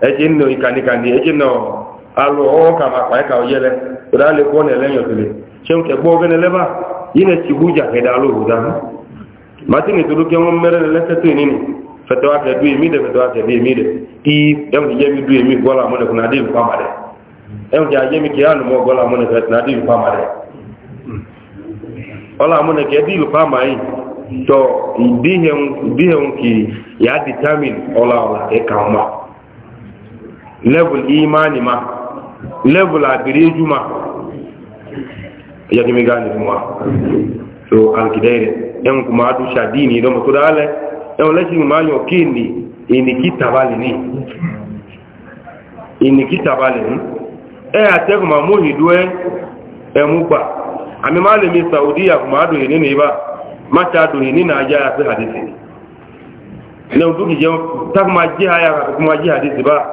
ẹjẹ́ nínú ìkànnìkànnì ẹjẹ́ náà alò ọwọ́ kàmà pàẹ́ kà ọyẹ́lẹ́ rà lè kọ́ nẹ̀lẹ́yìn òtòlè ṣe ń kẹgbọ́ ọgẹ́nẹ lẹ́bà yìí nẹ̀ tìgbú jà kẹ́dà lóòrùdá martin tó dúkẹ́ wọn mẹ́rẹ́ lẹ́sẹ̀tò ìní fẹ̀tọ́ akẹ́dú ya dẹ̀ fẹ̀tọ́ akẹ́dú èmi dẹ̀ kí ẹ̀hùn jẹ́ mi dú èmi gọ́lá mi na yi ya determine e level imani ma level abiriju ma ya kimi gani mwa so alkidaire en kuma adu shadini do mo dale en leshi ma nyo kindi ini kitabali ni ini kitabali ni e atego ma muhi duwe e mugba ami male mi saudia kuma adu ni ni ba macha adu ni na aja ya hadithi leo duki je tak ma je haya kuma je hadithi ba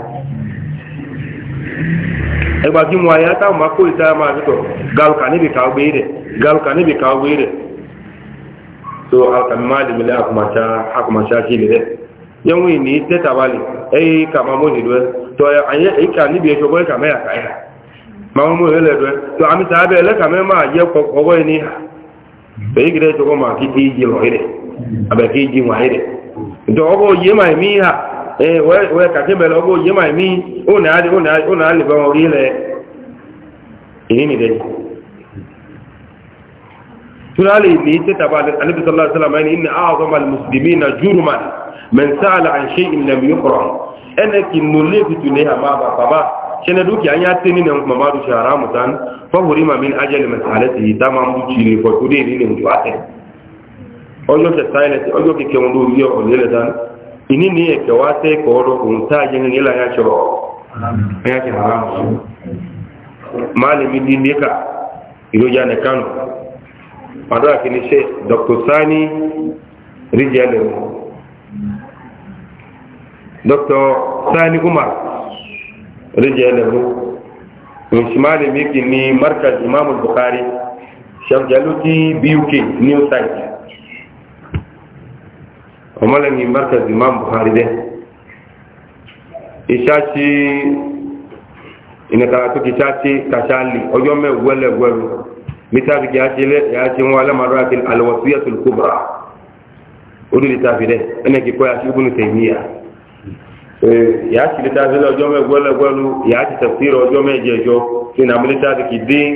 ẹgbà kí wọn ayá táwọn máa kó ìsáyà máa ṣe tọ galuka níbi ká gbé rẹ galuka níbi ká gbé rẹ so alukami máa lè mílẹ akumaṣá akumaṣá kí lè rẹ yẹn wọn ní tẹtabalẹ ẹyẹ kàmá mọ tọ ayé ìka níbi ẹṣọ bọ ìka mẹyà káyà máa mọ ìwé lẹdọ ẹ tọ àmì sábẹ ẹlẹka mẹ máa yẹ ọwọ ẹni hà bẹẹ yìí kìí ṣọkọ máa kí kí wọn rẹ àbẹ kí ee eh, wee kake mele ogo ye ma mi o na ali o na o na ali ba ori le eyi ni de tunali ni te taba anabi sallallahu alaihi wasallam inna a'zama almuslimina jurman man sa'ala an shay'in lam yukra ana ki nulle fitune ama ba baba shene duki anya tini ne mama du sharamu tan fa hurima min ajali masalati tamam du chiri ko kudi ni ne mutwate ojo ke silent ojo ke kemdu yo olele tan ini ni ẹ̀kẹ́ wá tẹ́ ẹ̀kọ́ ọ̀rọ̀ òun tá a jẹ́ ní ilẹ̀ ayáṣọ́ ayáṣẹ́ haramu máa lè mi ní níkà ìlójá ní kánò àdúrà kìíní ṣe dr sani ríjẹ́lẹ̀ dr sani umar ríjẹ́lẹ̀ mu òṣìmáàlè mi kìíní markaz imam bukhari ṣàbjálótì buk new site ọmọlẹ́yìn markaz imam buhari dẹ́ ìṣáṣí ìnàkàrà tó kì ṣáṣí kàṣáàlì ọjọ́ mẹ́wẹ́lẹ́wẹ́rù mítàbí kì á ṣe wọn alámàrọ́ àti alwasiya tó kóbra orí lítàbí dẹ́ ẹnì kí kọ́ yàtí ibùn tèmíyà yàá ti lítàbí ọjọ́ mẹ́wẹ́lẹ́wẹ́rù yàá ti tafsir ọjọ́ mẹ́jẹjọ kí nàmú lítàbí kì dín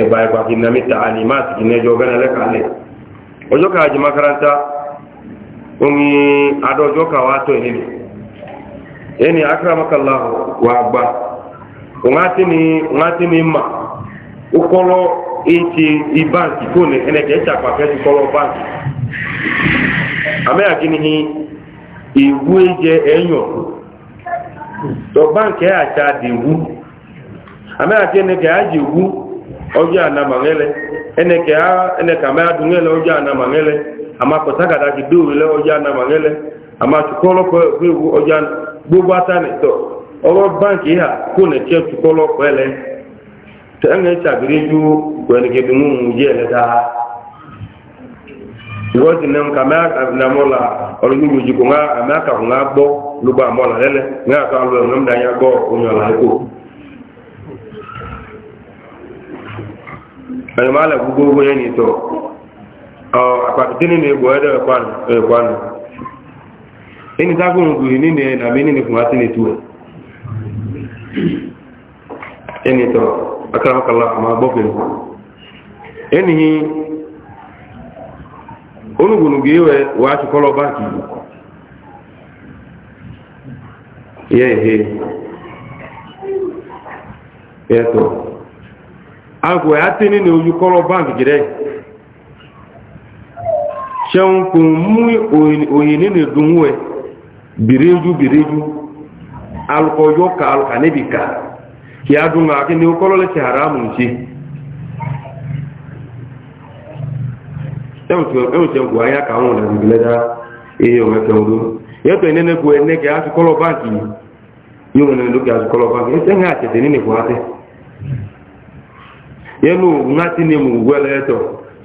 ẹgbà ẹgbà kì nàmí tààlì má ti kì nẹjọ omi adọ́jọ́ kà wá tọ́ eni ẹni wa wà gbà ńláti ni mà ó kọ́lọ́ ètè banki tó ní ẹnẹ̀kẹ́ ìṣàpàfẹ́ ti kọ́lọ́ banki àmẹ́yà kí ni ìwú ẹ̀jẹ̀ ẹ̀yàn tọ́ báǹkì ẹ̀ àti wu àmẹ́yà kí ẹnẹ̀kẹ́ àjèwú ọjọ́ ànàmàmẹ́lẹ́ ẹnẹ̀kẹ́ àmẹ́yà dùnmẹ́lẹ́ ọjọ́ ànàmàmẹ́lẹ́ ama kọtagada gide òwele ọjà na màgẹlẹ ama tukọlọpọ ẹgbẹwu ọjà gbogbo atani tọ ọwọ báńkì hà kó nà tiẹ tukọlọpọ ẹlẹ tẹ ẹnẹ tsabiri ju gbẹnigedu mu mu yẹ ẹlẹ taa wọ́ọ̀tì nẹ́mu kàmẹ́ àmọ́ la ọlọ́dún wòjì kò la àpàtìtìní ní egbò ẹ̀dẹ̀ ẹ̀kwánu ẹni tágùn gùn nínú ẹ̀nà mi nínú fún àti nìtú ẹni tọ́ akẹ́rọ̀kọ́lá ma gbọ́fẹ̀ ẹni yí onúgbùnùgbù ìwẹ̀ wà á ti kọ́lọ̀ báàkì yẹ́ ìhẹ́ Agwọ àgbẹ̀ àti nínú ojú kọ́lọ̀ báàkì jẹ́rẹ́ sɛŋ kun mu oyini ni dunwe biriju biriju alukɔjɔ ka alukane ka ya dun ka kini kɔlɔ le sahara mun si ɛmu sɛŋ kun y'a kan wɔn lɛbi gilɛ da eye o mɛ fɛn o yɛ a banki o do kɛ banki ɛsɛ ŋa ne ne ko yɛ n'o ŋa ti ne mu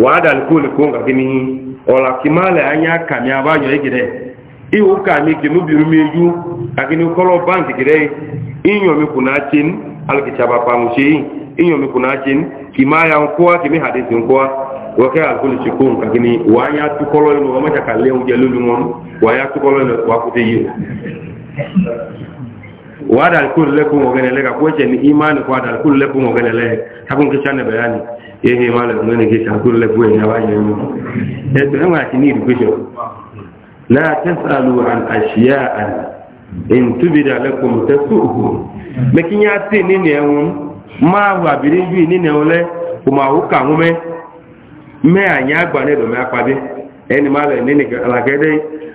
Wada ní kóòlì kóòlì kàkí ní ọ̀là kí máa lẹ̀ ányá kàmí abáyọ̀ ìgìrẹ́ ihò kàmí kì mú bìrú méjú kàkí ní kọ́lọ̀ báǹkì gìrẹ́ ìyàn mi kùnà chin alùkìtsàbà pàmùsẹ̀ yìí ìyàn mi kùnà chin kì máa ya nkóa kì mí hàdí sí nkóa wọ́kẹ́ alùkóòlì sí kóòlì kàkí ní wàá yá tukọ́lọ́ inú ọmọ ìjàkà lé oúnjẹ lónìí wọn wada yá tukọ́lọ́ inú wàá kúté yìí wàá dàlùkóòlì lẹ́kùn ọ̀gẹ́nẹ̀lẹ́ kàkó ẹ̀jẹ̀ ní ìmáà nìkọ́ àdàlùkóòlì lẹ́kùn ọ̀gẹ́nẹ̀lẹ́ takùn kìtsánẹ̀ bẹ̀yà ni. ehe mala mgbe na gesha kuru ya ba ya mu eh to amma kini education la tasalu an ashiya'a in tubida lakum tasuhu mekin ya te ni ne won ma wa biri ju ni ne ole ko ma hu ka mu me me agba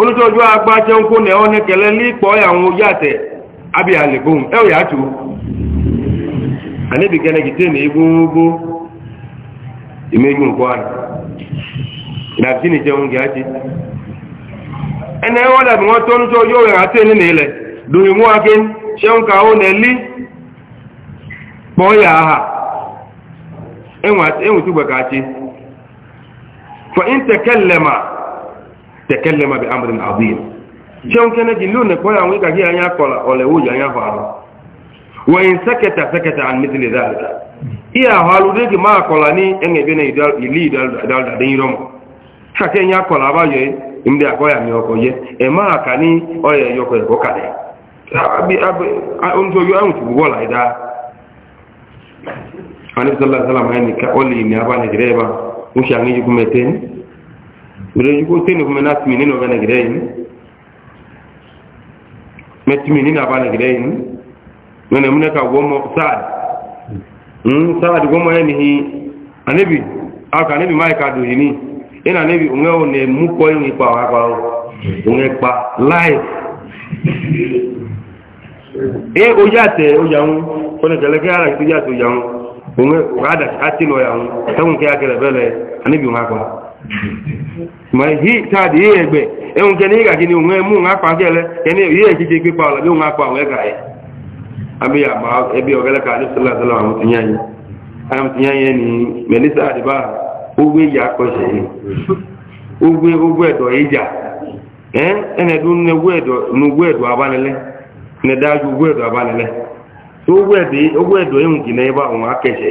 olùtọ́jú agbájẹ́ ń kó nẹ̀ ọ́ ní kẹlẹ́ lípọ̀ àwọn ojú àtẹ̀ abẹ́ àlèkóhùn ẹ̀wẹ̀ àtò àníbì kẹnẹkìtẹ́ ní gbogbo ìmẹ́jú nǹkan àná ìdàbí ní ẹ̀wọ̀n ìntẹ̀kẹ́lẹ̀mà tekellama bi amrin azim shan kana jillu ne ko yan ga giya ya kola ole wuja ya fara wa in sakata sakata an mithli dhalika iya halu de ma kola ni enge bene idal ili dal dal da din rom sake ya kola ba ye imde akoya mi oko ye e ma ka ni oye yoko ko kale abi abi on to yo an tu wala ida ka oli mire yugo tene kuma na timi nino bana gidayin me timi nina bana gidayin nana mune ka gomo saad mm saad gomo yani hi anabi aka anabi mai ka do yini ina anabi unge o ne mu ko yin pa wa pa unge pa live e o yate o yaun ko ne gele ke ara ti o unge o ati lo tawun ke akere bele unga ko ma hi kaadị ihe egbe enwe nke na ị ga-agị na onwe akpa ihe ikpe gị nwa akpa onwe ka ya abịghị agba e ka ahụ tinye anyị ahụ tinye anyị melisa adịba ahụ ụgwọ eji edo ịja ee enedu n'ugwu edo abalịlị na edo abalịlị edo enwe ebe ahụ nwa akaeche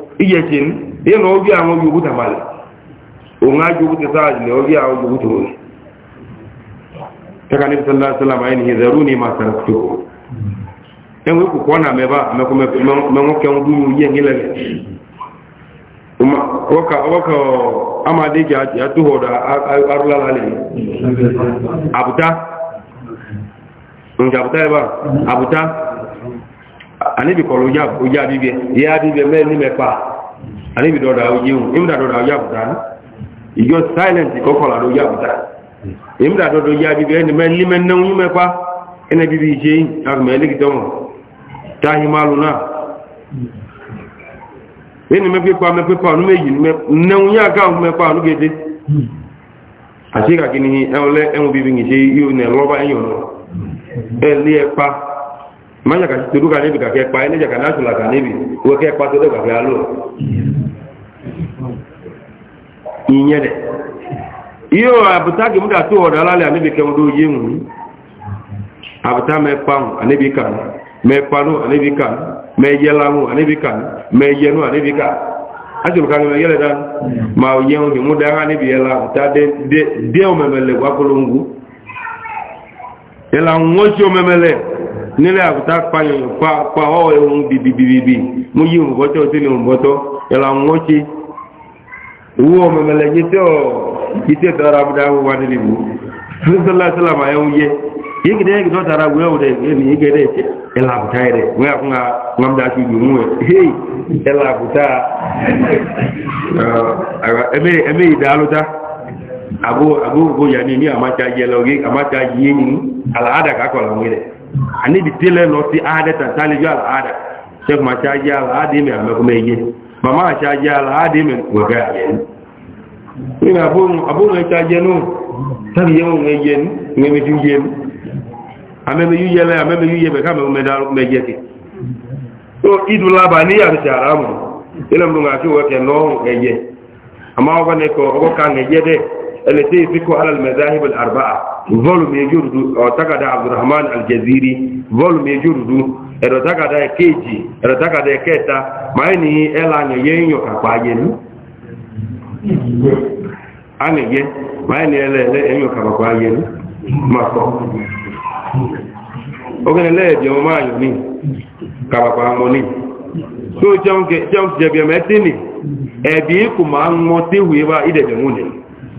ìyẹ̀kìn yẹn ọgbí àwọn ojú òkúta balẹ̀ òun ájú òkúta sáàjìlẹ̀ ọgbí àwọn ojú òkúta òun taka níbi sallallahu alaihi wasallam ayin hizaru ni ma sarakto en wi ku kona me ba me ko me ngo ke ndu ni yen ile uma waka waka ama de ja ja tu hoda arula lale abuta nja abuta ba abuta ani bi ko lo ja o ja bi bi ya bi bi me ni me pa anibi dɔda awo yewu imda dɔda awo yabuta you ijo silent kɔkɔla yabuta imda dɔdo ya bibi ɛni mɛ li mɛ nɛwu yi mɛ pa ɛnɛ bibi idze yi akuma ɛligi tɛ wɔn tahi ma lu na ɛni mɛ pepa mɛ pepa ɔnu mɛ yi ne nɛwu ya ga mɛ pa ɔnu gede asi kakini ɛwɔ lɛ ɛwu bibi idze yi yɔ nɛ pa. manya ka tudu ka nebi ka kɛ kpa ne jaka nasu la ka nebi wo kɛ kpa todo ka kɛ alo i ɲɛ dɛ iyo abuta kemu da to ɔda la le ane bi kɛmu do ye ŋu abuta mɛ kpam ane bi kan mɛ kpanu ane kan mɛ yɛlamu ane kan mɛ yɛnu ane kan asolu ka mɛ yɛlɛ dan ma yɛŋu kemu da ane bi yɛla abuta den den den mɛmɛ le wa ìlà wọn tí ó mẹ́mẹ́lẹ̀ nílẹ̀ àkútà pààyàn pa ọ́ ẹ̀hún bìbìbìbì mú yí òǹbọ́tọ́ tí ní òǹbọ́tọ́ ìlà wọn tí owó ọmọmẹ́lẹ̀ yí tẹ́ ọ̀ yí tẹ́ tara abúdá wà nílẹ̀ ìbò fúnṣẹ́lá sílá máa ń yẹ yí kìdẹ́ yí kìdọ́ tara wíwá òde ní yí gẹ́dẹ́ ìlà àkútà rẹ̀ wọ́n yà fún àmàmdà sí ìlú mú ẹ̀ ìlà àkútà ẹ̀mẹ́ ìdálótá abo agogo ya ni ni amata yelogi amata yini alada ka kola mwile ani di tele no ti ada ta tali jo alada chef ma cha ya alada me ame ko meje mama cha ya alada me ko ga yen ni na bon abo no cha je no tan yo ngi yen ngi mi ju yen ame me yu yele ame me yu yebe ka me me da me je ti so idula ba ni ya cha ramu ile mdunga ki wo ke no ngi je ama ko ne ko ko ka ngi je de التي فيكو على المذاهب الأربعة volume يجرد أعتقد عبد الرحمن الجزيري volume يجرد أعتقد كيجي أعتقد كيتا ما إنه إلان يينيو يكاقاين أنا جي ما إنه إلان يكاقاين ما صح ogun ilé ẹ̀jẹ̀ wọn máa yọ̀ ní kàbàkà wọn ní tó jẹun jẹbi ọmọ ẹtí ni ẹ̀bí kò máa ń mọ́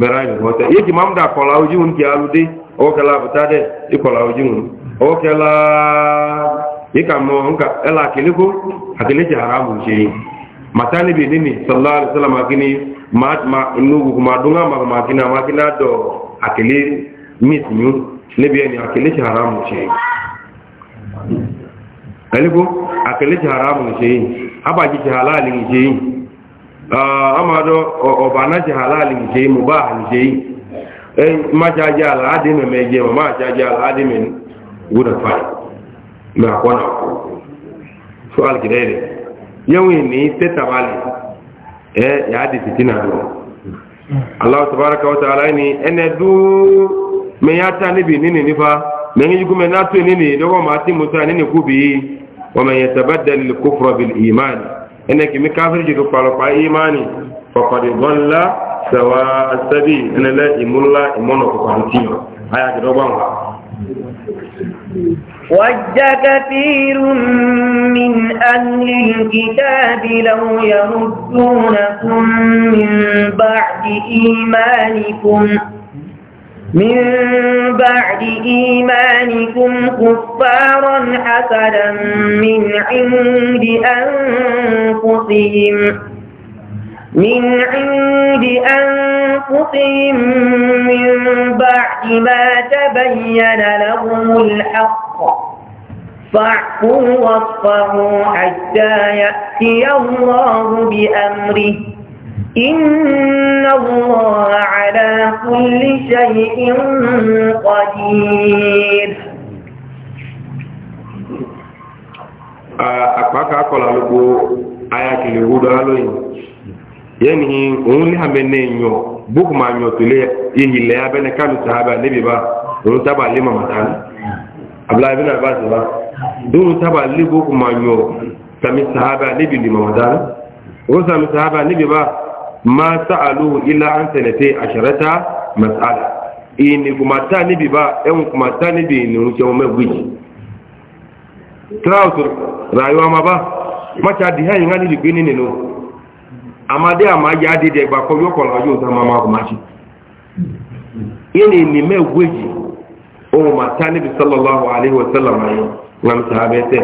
mẹ́ra yìí wọ́tẹ́ yéèkì máa ń dà kọ̀lá ojú ń kí alúdé ọwọ́kẹ́lá àbútádẹ̀ ìkọ̀lá ojú ń ọwọ́kẹ́lá yíkà mọ́ nǹka ẹlà àkìlẹ́kó àkìlẹ́kì haramu ṣe màtá níbi ma sọlá àlùsọlá màkíní inú ma máa dún àmà màkíní àmàkíní àdọ̀ àkìlẹ́ mìt yún akili ẹni Ah, amado ọ̀bàná jẹ́ halal nìṣe mubah nìṣe má jájẹ́ aláàdé mẹ́mẹ́ jẹ́ má jájẹ́ aláàdé mẹ́ni would have fine mẹ́ àkọ́nà ọkọ̀ fún alìkìdẹ́ rẹ̀ yẹ́wọ̀n ìní tẹ́tàbálì ẹ̀ yáàdì títí náà lọ aláwọ̀ tàbárakà wọ́ta aláìní ẹnẹ dúó mẹ́yàtà níbi nínú nífa mẹ́yìn yíkú mẹ́ná tó nínú lọ́wọ́ máa tí musa nínú kú bí wọ́n mẹ́yẹ̀ tàbádẹ́lì kófúrọ̀ bí ìmáàlì ene kimi kafirji ko palo pa imani faqad dhalla sawa asabi ene le imulla imono ko kwantio aya ke dogonga وَجَّ كَثِيرٌ مِّنْ أَهْلِ الْكِتَابِ لَوْ يَرُدُّونَكُم مِّن بَعْدِ إِيمَانِكُمْ من بعد إيمانكم كفارا حسدا من عند أنفسهم من عند أنفسهم من بعد ما تبين لهم الحق فاعفوا واصفحوا حتى يأتي الله بأمره إن الله على كل شيء قدير akpaka akọla lugbo ayakele wudo aloyi yẹni òun ní hàmẹ ní ẹyọ bókù máa yọ tòlẹ ihì lẹ abẹnẹ kánú sàábà níbi bá òun tábà lé màmá tánú abúlé abẹnẹ bá ti bá òun tábà lé bókù máa yọ sàmì sàábà níbi lè màmá tánú òun sàmì sàábà níbi ma sa'alu illa an sanate asharata mas'ala ini kuma ta nibi ba ɗan kuma ta nibi ne nuke mai guji trouser rayuwa ma ba maca di hanyar hannun da gini ninu no amma dai amma ya di da ba kawai kwan ajo ta mama kuma shi ini ni mai guji o ma ta nibi sallallahu alaihi wasallam ayi ngam sahabe te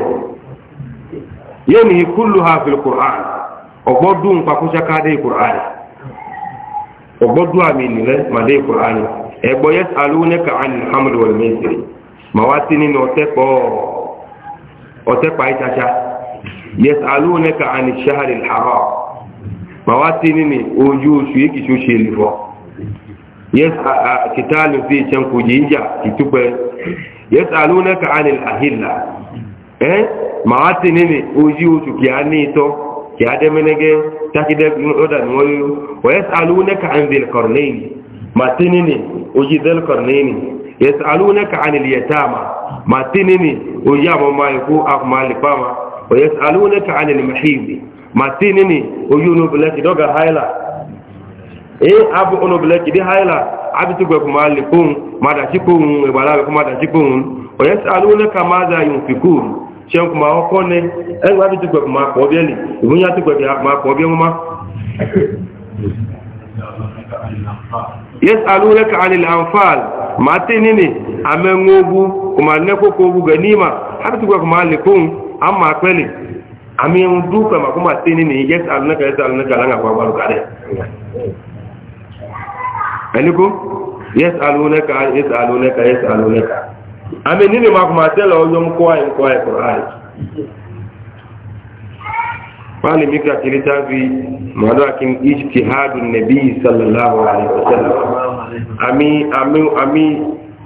yani kulluha fil qur'an ọgbọ́dún pàkúṣaká dé ìkùránì ọgbọ́dún àmì ìnìlẹ̀ mà dé ìkùránì ẹgbọ́ yẹ́ alúnẹ́ka àni hamadu olùmẹ́sìrì ma wá sí nínú ọ̀tẹ́pà ìtàṣà yẹ́ alúnẹ́ka àni ṣáàrì àrọ̀ ma wá sí nínú ojú oṣù ìkìṣó ṣe lìfọ́ yẹ́ kìtàlù sí ìṣẹ́nkù jíjà ìtúpẹ́ yẹ́ alúnẹ́ka àni àhìlà ẹ́ ma wá sí nínú ojú oṣù kìá ní ìtọ́ ya da menege taki da oda ni wayo wa yasalunaka an dhil qarnayn ma tinini uji dhil qarnayn yasalunaka an al yatama ma tinini uji amama yaku akmal bama wa yasalunaka an al mahid ma tinini uyunu bilaki doga haila eh abu ono bilaki di haila abitu gbe kuma le kun ma da ci kun e bala kuma da ci kun wa yasalunaka ma za yunfikun tiɛn kuma awo kɔnɛ ɛn wa bi ti gbɛɛ kuma kɔɔ bɛɛ ni ibunya ti gbɛɛ kuma ka ma te nini ame ŋogu kuma ne koko ogu gɛ nima habi ti gbɛɛ kuma le ama kpɛli ami ŋu du kama kuma te nini ka ka alu ka ka ka àmì nínú ìmọ̀kùnmọ̀ àtẹ́lẹ̀ ọjọ́ ń kọ́ àìkọ́ àìkọ́ àì pàálì mí kàkiri tábí mọ̀dọ́ àkí ìṣkì hádù nẹ̀bí sallallahu alaihi wasallam àmì àmì àmì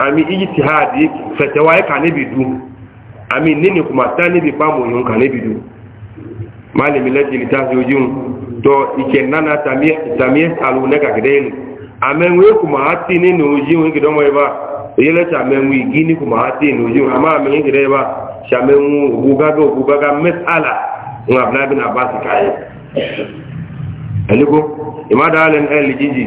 àmì ìṣkì hádì fẹ̀tẹ̀wá ẹ̀kà níbi dù àmì nínú ìkùnmọ̀ àtẹ́ níbi pàmò yóò kà níbi dù pàálì mí lẹ́kìrì tábí ojú tọ ìṣẹ̀ nánà tàmí ẹ̀sàlù nẹ́kàkiri àmẹ́wé kùnmọ̀ àti nínú yele sàmẹ́wù igi ní kò máa tẹ̀ lójú àmọ́ àmì ìrẹ́ wa sàmẹ́wù ògùgágá ògùgágá mẹ́sàlá ń abúlábí náà bá sì káyẹ. ẹ̀lẹ́kọ́ ìmádàálẹ̀ ẹ̀lì jíjì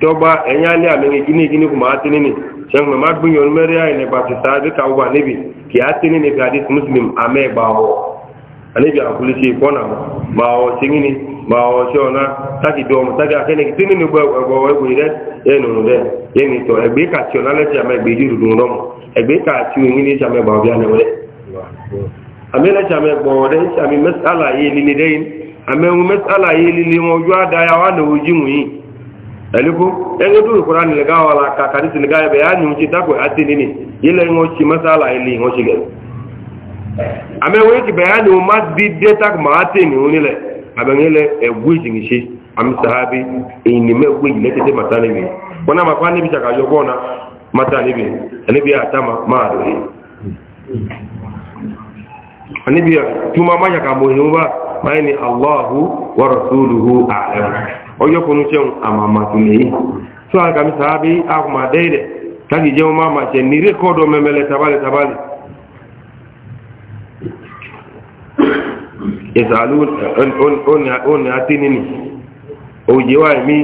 tọ́gbà ẹ̀yìn alẹ́ àmì ìgbìní ìgbìní kò máa tẹ̀ nínú sẹ́gun mẹ́ma gbìyànjú mẹ́rẹ́ àyìnlẹ̀ bàtì sáájú káwọ́bà níbi kì á tẹ̀ nínú ìgbàdí muslim amẹ́gbà ma ọjọ́ náà na bí ọmọ táàkì akẹ́lẹ̀ tí nínú ẹgbọ́ ẹgbò rẹ̀ ẹnu rẹ̀ yẹni tọ́ ẹgbẹ́ kàtí ọ̀nà lẹ́tí àmà ẹgbẹ́ egbe dùdùn rọ̀mù ẹgbẹ́ kàtí oyin ní ẹgbà àmì mẹ́sàlà yé líle dẹ́yìn àmì ẹ̀hún mẹ́sàlà yé líle wọn ojú wà wù ẹgbẹ́ tó nìlẹ́gá wà yà ni wọ́n ti dákọ̀ àti nínú yílẹ̀ wọn ti mẹ́sàlà yé lé wọn ti gẹ̀ àmì ni abengele egweji eh, ngishi amsahabi inime eh, gweji lete matane bi bona mafani bi taka yobona matane bi ani bi atama maado ani bi tuma ma yaka mo yoba mayni allahu wa rasuluhu a'lam oyo kunu chen amama tuni so aga msahabi akuma deide tangi je mama chen ni rekodo memele tabale tabale ìsàlù òní àti nínú wa mi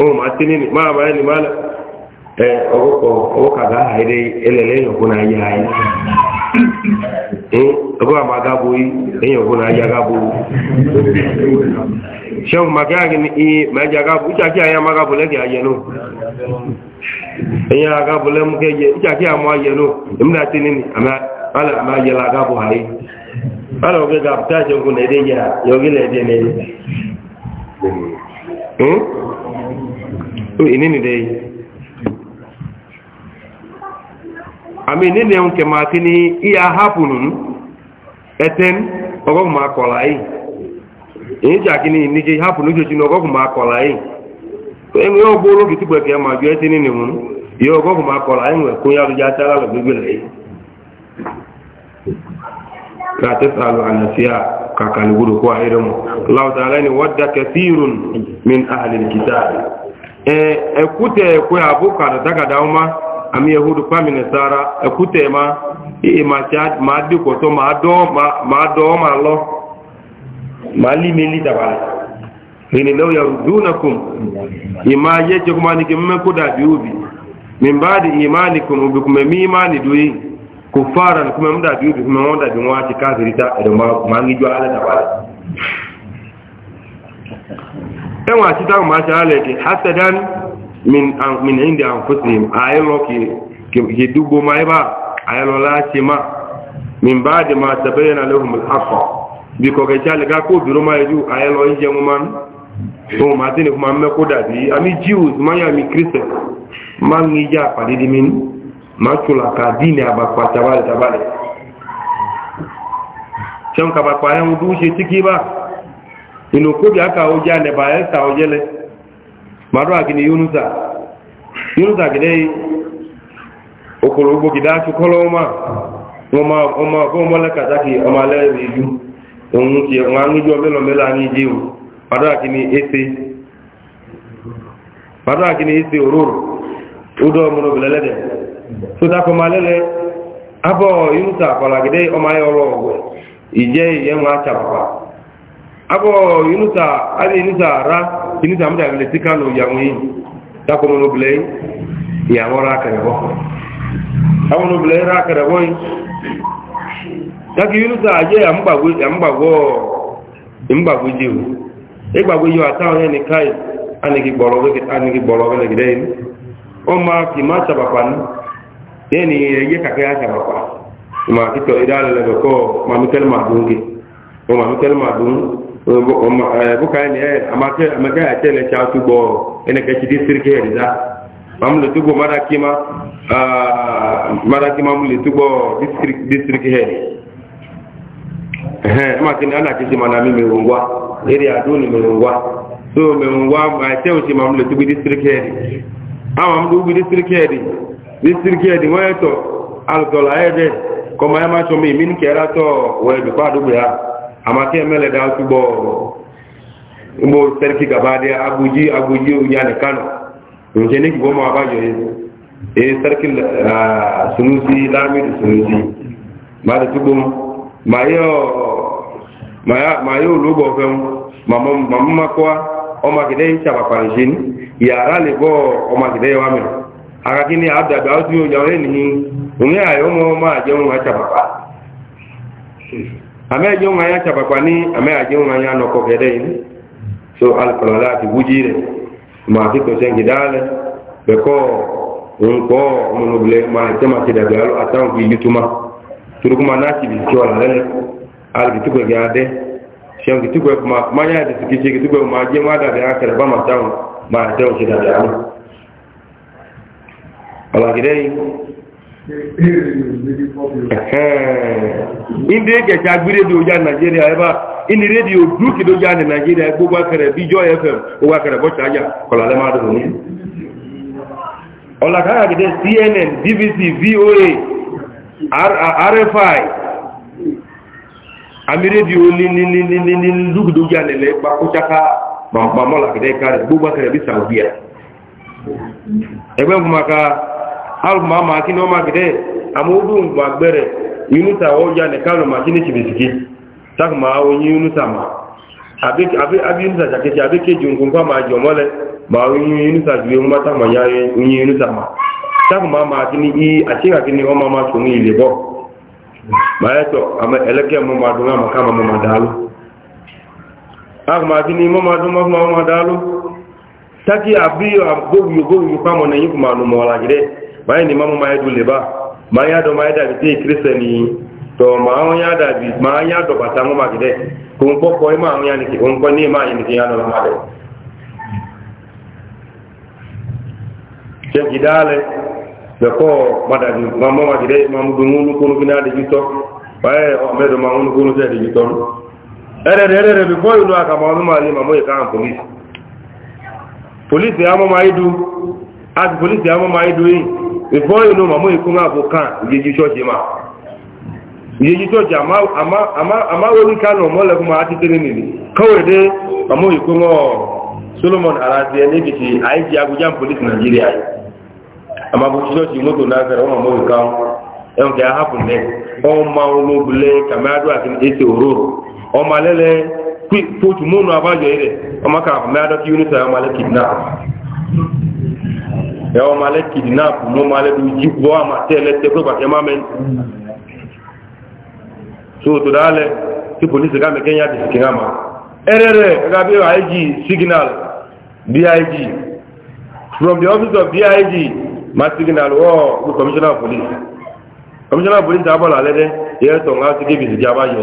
òun àti máa bá ẹni máa ẹ ọwọ́kọ̀ ọwọ́kàgá àìrẹ ẹlẹ́lẹ́yìn ọ̀gbọ́n ayé ayé ọgbọ́n àmà gábo yìí ẹ̀yìn ọ̀gbọ́n ayé gábo ṣẹ́hùn màkíyà ní mẹ́jà gábo ìjàkí àyà má gábo lẹ́gẹ̀ẹ́ ayẹ náà ẹ̀yìn àgábo lẹ́mú kẹ́yẹ ìjàkí àmọ́ ayẹ náà èmi àmà ayẹ ayé ala oge ga-apụta aja nkwụ na ede ya ya oge na-ede na ede inini dai ami nini ehun nke ma kini iya hapunun eten ogogun ma kola yi eyi ja kini nike hapunu jojinu ogogun ma kola yi enwe ogbo ologi tupu eke ma ju eti nini yi nwere ya na la tasalu an nasiha kakali gudu ko ayre mu Allah ta'ala wadda kathirun min ahli alkitab e ekute ko abuka da daga dauma am yahudu kwa min sara ekute ma e ma chat ma di ko to ma do ma ma do ma lo ma li mi li tabal hini law yarudunakum ima yeje kuma ni kimme ko da biubi min ba'di imanikum ubikum mi imani duyi kufaran kuma mun dabi ubi kuma wanda bin wata kafiri ta da ma ngi jo ala da bala en wa ta ma ta ala ke hasadan min min inda anfusihim ayelo ki ki dubo mai ba ayelo la ce ma min ba'da ma tabayyana lahum al-haqq bi ko ga jale ga ko biro ma yaju ayelo inje mu man to ma tini kuma me ko dabi ami jiu ma ya mi kristo man ngi ja padi min matula ka dini abakpa tabale tabale tiɲɛ ka bakpa yɛn du se tiki ba inu kobi aka o ja ne ba yɛ sa o yɛlɛ madu akini yunusa yunusa gide okolo gbogbo gida tu kɔlɔ ma ɔma ɔma ko mɔlɛ kataki ɔma lɛ idu ohun tiɛ ŋun aŋudu ɔmɛlɛ ɔmɛlɛ anyi dzi o madu akini ese madu akini ese ororo o dɔw mɔdɔ bilɛ lɛ sotako malele abo yunusa akpalagide ọmaye ọlọ ije iye nwa achapapa abo yunusa adi yunusa ara yunusa mụta gile sika na tako ra akẹrẹbọ àwọn monobile ra akẹrẹbọ yi taki yunusa aje amgbagwo imgbagwo jiwu igbagwo yiwu atahun kai anigi deni ye kake ya sama kwa ma kito idala le ko ma mikel ma dungi o ma mikel ma dun o ma bu ka ni e amake amake a tele cha tu bo ene ke chidi sirke riza mam le tu bo mara kima a mara kima mu le tu bo district district he eh ma kin ana kisi mana mi merungwa eri aduni merungwa so merungwa ma te o ti mam le tu bi district he ama tu bi district he isirki ɛdi wɔyɛ tɔ alutɔla yɛ kọma ya yɛ ma tsɔ mi min kɛra tɔ wɔyɛ dukɔ adugbo ya amakɛ mɛlɛ da tubɔ mo sɛriki gaba de agodzi agodzi ya ne kano nse ne kibɔ mo aba yɔ uh, sunusi lamidu sunusi ma de tugbo mu ma ya ɔ ma yɛ ma yɛ olu bɔ fɛn akaki ni adada o ti o yàwó ẹni òun yà yọ mọ ọmọ àjẹun àtsàpàpà àmẹ àjẹun àyà àtsàpàpà ní àmẹ àjẹun àyà nọkọ kẹdẹ yìí so alukọlọ la ti wúji rẹ mà á fi tó sẹ́ńkì dáálẹ̀ bẹ́kọ́ òǹkọ́ ọmọnubulẹ̀ mà á tẹ́mà ti dàbí alo àtàwọn fi yutuma turukuma náà ti bìí tí ọ̀là lẹ́lẹ̀ alùpùpù gẹ̀ adẹ́ sẹ́ńkì tukọ̀ ẹ̀ kuma kumanya ẹ̀ ti sèkìsèkì tukọ̀ mà á tẹ́wọ̀n ti dàbí ọ̀làgídẹ́ indi kẹ̀kẹ́ agbírèdì ojá nàìjíríà ẹbá indi rédíò dúkìdó já ní nàìjíríà gbogbo akẹrẹ bí jọ fm gbogbo akẹrẹ bọ́ ṣáájà kọ̀làlẹ́ máa dùn ní ọ̀làkàgídẹ́ cnn bbc voa rfi àmì rédíò ní dúkìdó já nílẹ̀ gbàkúṣáká gbàmọ́làgídẹ́ kárẹ̀ gbogbo akẹrẹ bí sàwùdíà ẹgbẹ́ mú maka alùpùpù máa kí ní ọmọ gẹ̀dẹ́ àmọ́ ó dùn gbà gbẹ̀rẹ̀ yunusa ọjà nìkan ma, máa kí ní ṣìbìṣìkì tákùmá oyin yunusa mà àbí yunusa ṣàkẹ́ṣẹ́ àbí kejì nǹkan fún àmà àjọmọ́lẹ̀ máa oyin yunusa ju ewu máa ya oyin yunusa mà tákùmá máa kí ní ii àṣíkà kí ní ọmọ máa sùn ní ilé bọ́ máa yẹ tọ àmọ́ ẹlẹ́kẹ́ mọ́ máa dùn àmọ́ káàmọ́ máa dàálù àmọ́ àti ní mọ́ máa pàmò náà yìí kò máa nù mọ́ ọ̀làjì rẹ̀ báyìí ni mọ́mú máa dùn lè bá máa yá dọ̀ máa dàbí tí kírísítẹ̀nì tọ̀ máa ń yá dàbí máa yá dọ̀ bàtà mọ́ màkì dẹ̀ kò ń kọ́ kọ́ ẹ máa ń yá nìkì ń kọ́ ní ẹ máa yẹ nìkì yá dọ̀ máa dẹ̀. ṣẹ́kì dáálẹ̀ bẹ̀kọ́ madàbí mọ́mọ́ màkì dẹ̀ máa mú dùn ún kúrú kíná àdéjú tọ́ báyìí ọ̀mẹ́dọ̀ máa ń kúrú sí àdéjú tọ́ ẹ̀rẹ̀rẹ̀ dùn àti polisi àmọ́ máa ń dùn ìfọ́ inú màmú ikú máa bò kàn ìyẹjú ṣọ́ọ̀ṣì máa ìyẹjú ṣọ́ọ̀ṣì àmáwórí kánù mọ́lẹ̀kún máa ti tẹ́lẹ̀ nìlì kọ́wẹ̀ dé ikú mọ́ solomon aláti ẹlẹ́gìtì àìjí agujan police nigeria àmàbò ṣọ́ọ̀ṣì mọ́tò ọmọ ẹwọ ma lẹ kìdínápù mọ ma lẹ dùjú bọ àmà tẹ ẹlẹtẹ pé pàṣẹ má mẹni so to dáa lẹ tí polisi ká mẹkẹ ń yá ti sìkì náà ma ẹrẹ rẹ ẹka ig signal big from the office of big ma signal wọ oh, bí commissioner of police commissioner of police abọ́ làlẹ́ dẹ́ yẹ sọ̀ ń ká sí kébìsì jábá yẹ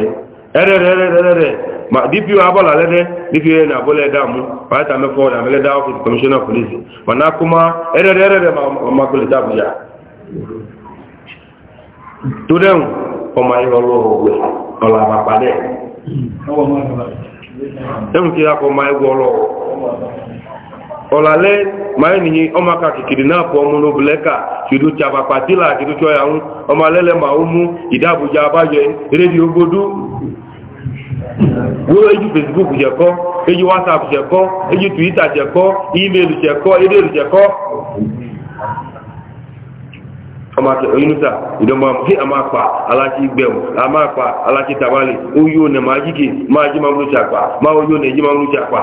ẹrẹ rẹ ẹrẹ rẹ rẹ. ma dpo abala lede dpo na abula eda mu ta me for na me da office commissioner police mana kuma erere erere ma ma police to dem o ma yo lo we o la ma pade dem ki ko ma yo lo o la le ma ni o ma ka kikiri na po mu no bleka un o ma lele ma umu idabuja abaje radio wo eju facebook jẹkọ eju whatsapp jẹkọ eju twitter jẹkọ email jẹkọ email jẹkọ ọmọ akẹ oyinusa ìdọmọ àmọ kí a máa pa aláṣẹ gbẹmù a máa pa aláṣẹ tabale oyún ọ̀nà máa jíkè máa jí máa ń lóṣà pa máa oyún ọ̀nà jí máa pa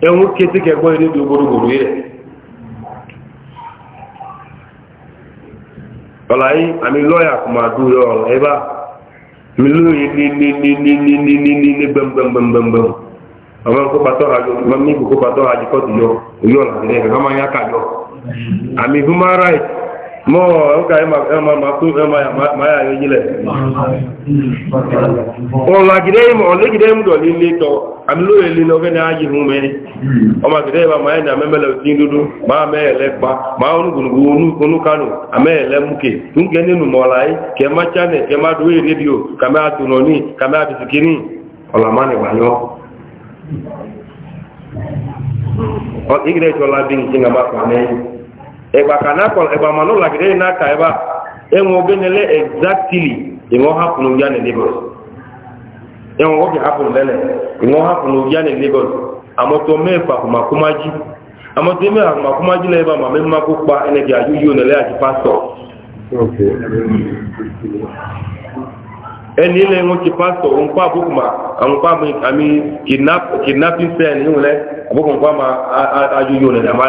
ẹ̀hún gbọ́n ọ̀la yìí àmì lọ́ọ̀yà kò máa milu yi ni ni ni ni ni ni ni ni ni gbẹm gbẹm gbẹm gbẹm gbẹm ọmọ nkó pàtó àjọ ọmọ mi kò pàtó àjọ kọ́tù yọ òyọ́ làbẹ́rẹ́ kàmá yá kàjọ àmì human rights. mọ́ ọ̀ká ẹmàyà yọjílẹ̀ ọ̀làgìdẹ́ to ọ̀lẹ́gìdẹ́ ìmúdọ̀ lílé tọ́ àmìlóyè lílé ọgẹ́ ní ayé ma mẹ́rin ọmọgìdẹ́ ìmọ̀ máa ní àmẹ́mẹ́lẹ̀ tí ń dúdú máa mẹ́ẹ̀lẹ́ pa máa onúgbùnùgbùn onúkánù ọla múkè túnkẹ́ nínú mọ̀láyé kẹ má chánẹ̀ kẹ má dúwé rédíò kàmẹ́ àtùnà ní kàmẹ́ àbìsìkíní la egba ka na akpọrọ egba mana ụlọ gide n'aka ebe a enwe ogenele exactly ịnwe hapụrụ ya na lagos enwe nwoke ya na lagos amụtụ mee pakwumakwumaji amụtụ na ebe a ma mee mmakwu kpa energy ayụ yi onele aji pastọ ẹni ilẹ̀ wọn ti pásítọ̀ òun àbúkù ma àmì kidnapping cell àbúkù ma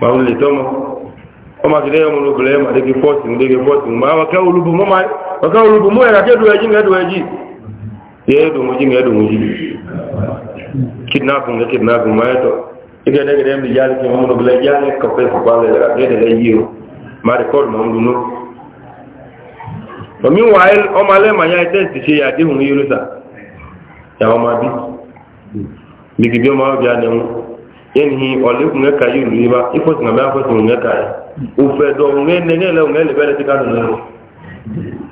ma wuli le tɔmɔ ɔmɔ kele yɛ mo lobele ma deke pɔsi mo deke pɔsi mo ma waka olubu mo ma waka olubu mo yɛ kake do edzi ŋa do edzi yɛ do mo dzi ŋa do mo dzi kidnapu ŋa kidnapu ma yɛ tɔ eke ne kele mi yali ke mo lobele yali kɔfɛ fɔkpa le kake de le yi o ma rekɔd ma ŋu no omi wa yɛ ɔmɔ alɛ ma ya yɛ tɛsi se yɛ adi ŋu yɛ lo sa ya ɔmɔ abi mi kibi ɔmɔ awo bi anɛ ŋu. yanihi ɔle kun ka kayi lu yiba ifo singa mɛ afɔ singa kayi ofɛ dɔ ŋɛ nɛgɛ lɛ ŋɛ lɛ ti ka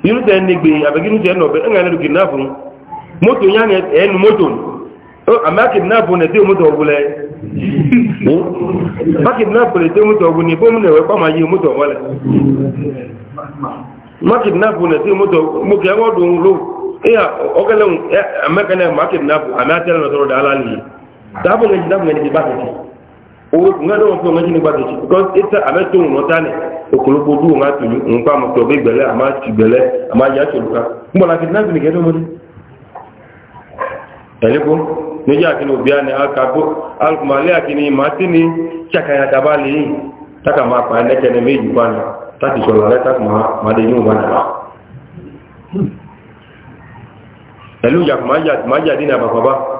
yinu tɛ ne abe yinu tɛ nɔ bɛ eŋa lɛ do kidnap moto nya ŋɛ ɛnu moto ɔ ame akidnap nɛ te moto ɔbu lɛ akidnap nɛ te moto ɔbu ni bomu nɛ wɛ yi moto ɔbɔ lɛ makidnap nɛ te moto moke ɛwɔ do ŋlo eya ɔkɛlɛ ɛ kɛnɛ dabo ŋa jina ŋa ni ba tɛ o ŋa dɔn fɔ ŋa ni ba tɛ because e ta a bɛ to ŋɔ tan ne o kolo ko du ŋa tuju ŋa ma tɔ bɛ gbɛlɛ a ma ci gbɛlɛ a ma ja tolu kan n bɔra kiri n'a tun kɛ dɔ mo de ɛni ko ne jɛ a kini o biya ne a ka ko ali kuma ale a kini maa ti ni cakaya daba le ye ta ka maa kpa ne kɛ ne bɛ ju ba ne ta ti sɔrɔ ale ta kuma maa de ɲɔgɔn ba ne ɛlu yakuma yadi na bafaba.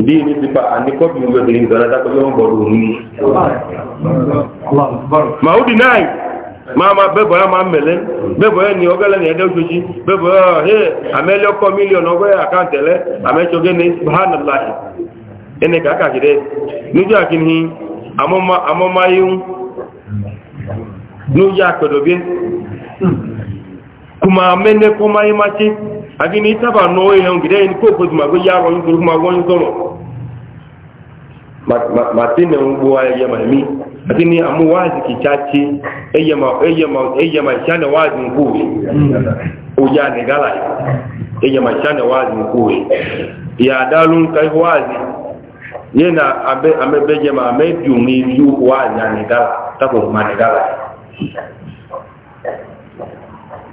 ìdí ní pípa àníkọ́bì ń gbẹ̀gbẹ̀ ìgbẹ̀rẹ̀ dákọ̀lẹ́ wọn bọ̀dọ̀ òun ní maudi máa ma bẹ́bọ̀ ya máa mẹ̀lẹ́ bẹ́bọ̀ ya ni ọgẹ́lẹ́ ni ẹ̀dẹ́ bẹ́bọ̀ ya ọkọ̀ mílíọ̀nù ní ẹni níjọ́ àkíní kuma mene kuma yi mace a gini taba noye yawon gida yin koko zuma ko yaron yin kuru kuma wani zoro mati ne n buwa ya yama mi a gini amu wazi ki cace eyyama shane wazi n kowe oya ne gala yi ma shane wazi n ya dalun kai wazi yana amebe yama amebiyu ni yi wazi ne gala tako kuma ne gala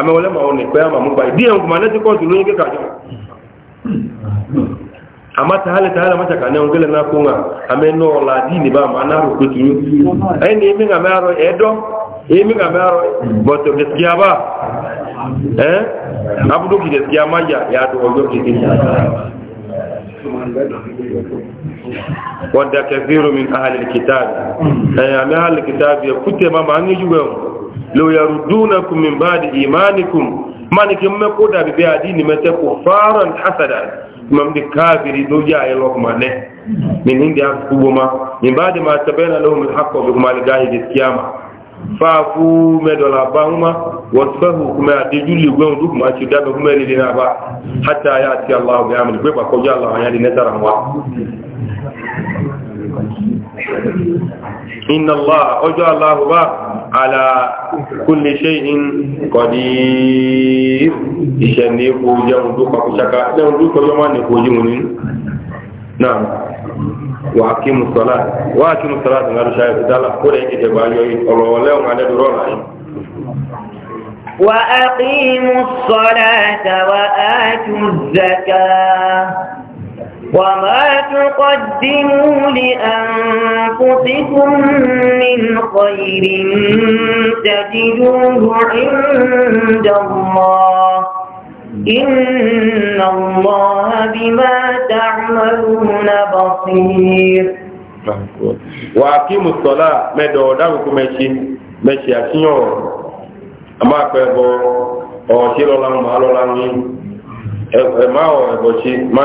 ame wòle ma wò ne kpe ama mu gba yi diẹ nkuma ne ti kɔntu lóyin kéka ama ta hali ta hali ama na kunga ŋa ame nɔ la dini ba ma na ro kpetu yi ayi ne mi ŋa mɛ arɔ yɛ dɔ ye mi ŋa ba ɛ abudu ki gaskiya ya ya do ɔjɔ keke wadda kafiru min ahali kitabi ɛɛ ame ahali kitabi kute ma ma an ye لو يردونكم من بعد إيمانكم مانك مكودا ببعدين متى كفارا حسدا ممن كافر دوجا يلوكم عليه من عند أنفسكما من بعد ما تبين لهم الحق بكم على جاهد القيامة فافو مدولا باهما واتبهوا كما تجول لهم دوكم أشدام كما لدينا با حتى يأتي الله بعمل بيبا كوجا الله يعني نترى إن الله أجو الله با على كل شيء قدير إشاني كوجا مدوكا كشكا نمدوكا يومان كوجي منين نعم وأقيموا الصلاة وأقيموا الصلاة نعم شايف تعالى كل يجي تبالي الله ولا يوم على دورنا وأقيموا الصلاة وآتوا الزكاة وما تقدموا لِأَنفُسِكُمْ مِنْ خَيْرٍ تجدوه عند اللَّهِ إِنَّ اللَّهَ بِمَا تَعْمَلُونَ بَصِيرٌ وأقيموا الصلاة مدعو دعوكم مشي مشي أشيور أما أقبل أو شيلو لهم ألو لهم ẹ máa wọ ẹ̀bọ̀ ṣe má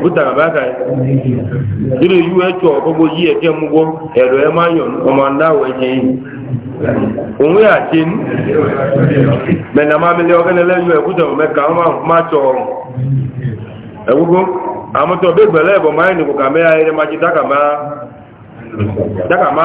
búta bàbá kan nínú ìlú ẹjọ gbogbo yí ẹjẹ múgbó ẹrọ ẹ máa yàn ọmọ aláwọ ẹjẹ yìí òun yà ṣe ní ma máa mẹlẹ ọgẹ lẹlẹyọ ẹkúta ọmọ mẹka ọmọ máa tọ ọrùn ẹgbogbo àmọtọ gbẹlẹ ẹbọ máa ń nìkò kàmẹ ma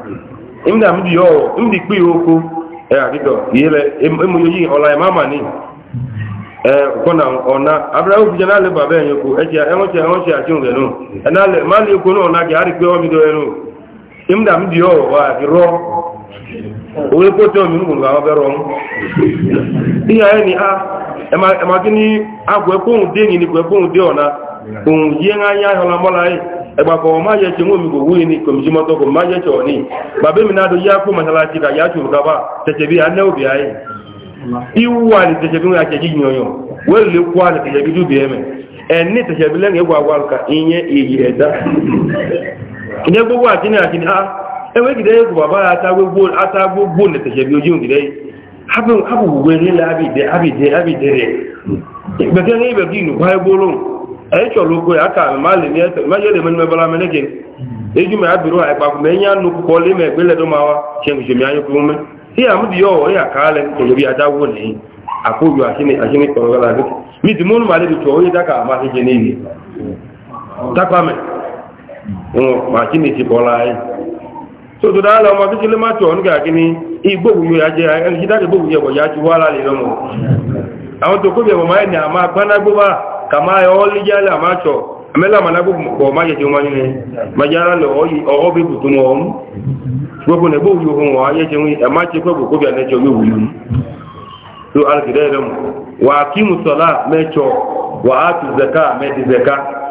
imda mdi yo imdi kpi oku e adido yele emu yoyi ola mama ni e kona ona abra oku jana le baba en yoku e ja enwo che enwo che ajun e le no ena le na o mi do enu imda mdi yo wa ro ko to mi ro e ni a e ma e ma gini agwe un de ni ni un de ona un yenga ya e hola mola ẹgbàkọ̀ ọmọ ayẹ́ ṣe mọ́mí gbogbo ní kòmìsí mọ́tọ́kọ̀ má yẹ́ ṣọ̀ ní bàbá mi náà yá kó mọ́sálásí ka yá ṣòro kaba tẹ̀ṣẹ̀ bí aná òbí ayé ìwà ní tẹ̀ṣẹ̀ bí wọ́n aṣẹ́jì yọ̀yọ̀ wọ́n lè kó àlẹ́ tẹ̀ṣẹ̀ bí dúbìí ẹ̀mẹ̀ ẹ̀ní tẹ̀ṣẹ̀ bí lẹ́yìn ẹgbà chọrọ okwe ya ka maje le mene mebara mene gị eji ma ya biri ha ịkpa ma enye anụ kwụkwọ ọla ime egbe ledo mawa che njem anya kwu ume ihe a mụdị ya ọwọ ya ka alị nkejebi ya dagwo na ihe akụghị achịmị kpọrọgara adị midi mụnụ ma lebi chọọ onye daka amasị je n'ihi takwame ma chineke kpọrọ anyị ala ọma bí kílé máa tọ̀ ní gàgí ní igbóhùn yóò kama ya oli jala macho amela manabu kwa maje ti umani ne majara lo oyi owo bi butu mo gbogbo ne bo yo hun wa ye ti wi e ma ti ko ko bi ane jo so al gidere wa aqimu sala mecho wa atu zakat me ti zakat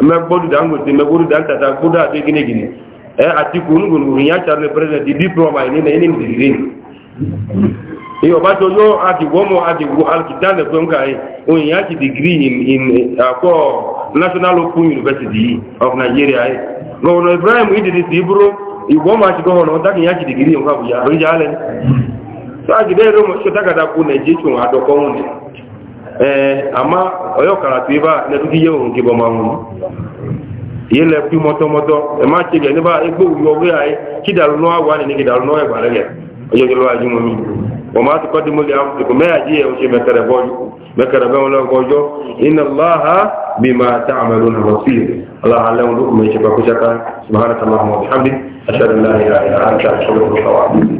mekpodu dangote mekpodu dantata kpodu ate gine gine eh atiku ngungun ya charle president di diploma ini ne ini ndiriri iyo ba to ati gomo ati go alkitande ko ngai o ya ti in in ko national open university of nigeria ai e. go ibrahim idi di ibro igoma ati go no ta ya ti degree nka bu ya ri jale so ati de ro mo so ta kada ku ne tun ee eh, ama onye ọkara tụ ebe na-eduga ihe ohun nke bọmanwụ ihe lẹkú mọtọ mọtọ ẹ má ṣe gẹ níbà egbò òwú ọgbẹ ayé kí dàrú náà wà nínú kí dàrú náà ẹgbà rẹ ọjọ ìjọba ajé wọn mi wọn máa ti kọ́ dé mọ́lẹ̀ àwọn ìkọ̀ mẹ́yà jí ẹ̀hún ṣe mẹ́kẹrẹ bẹ́ẹ̀ wọn lọ́kọ̀ ọjọ́ iná láha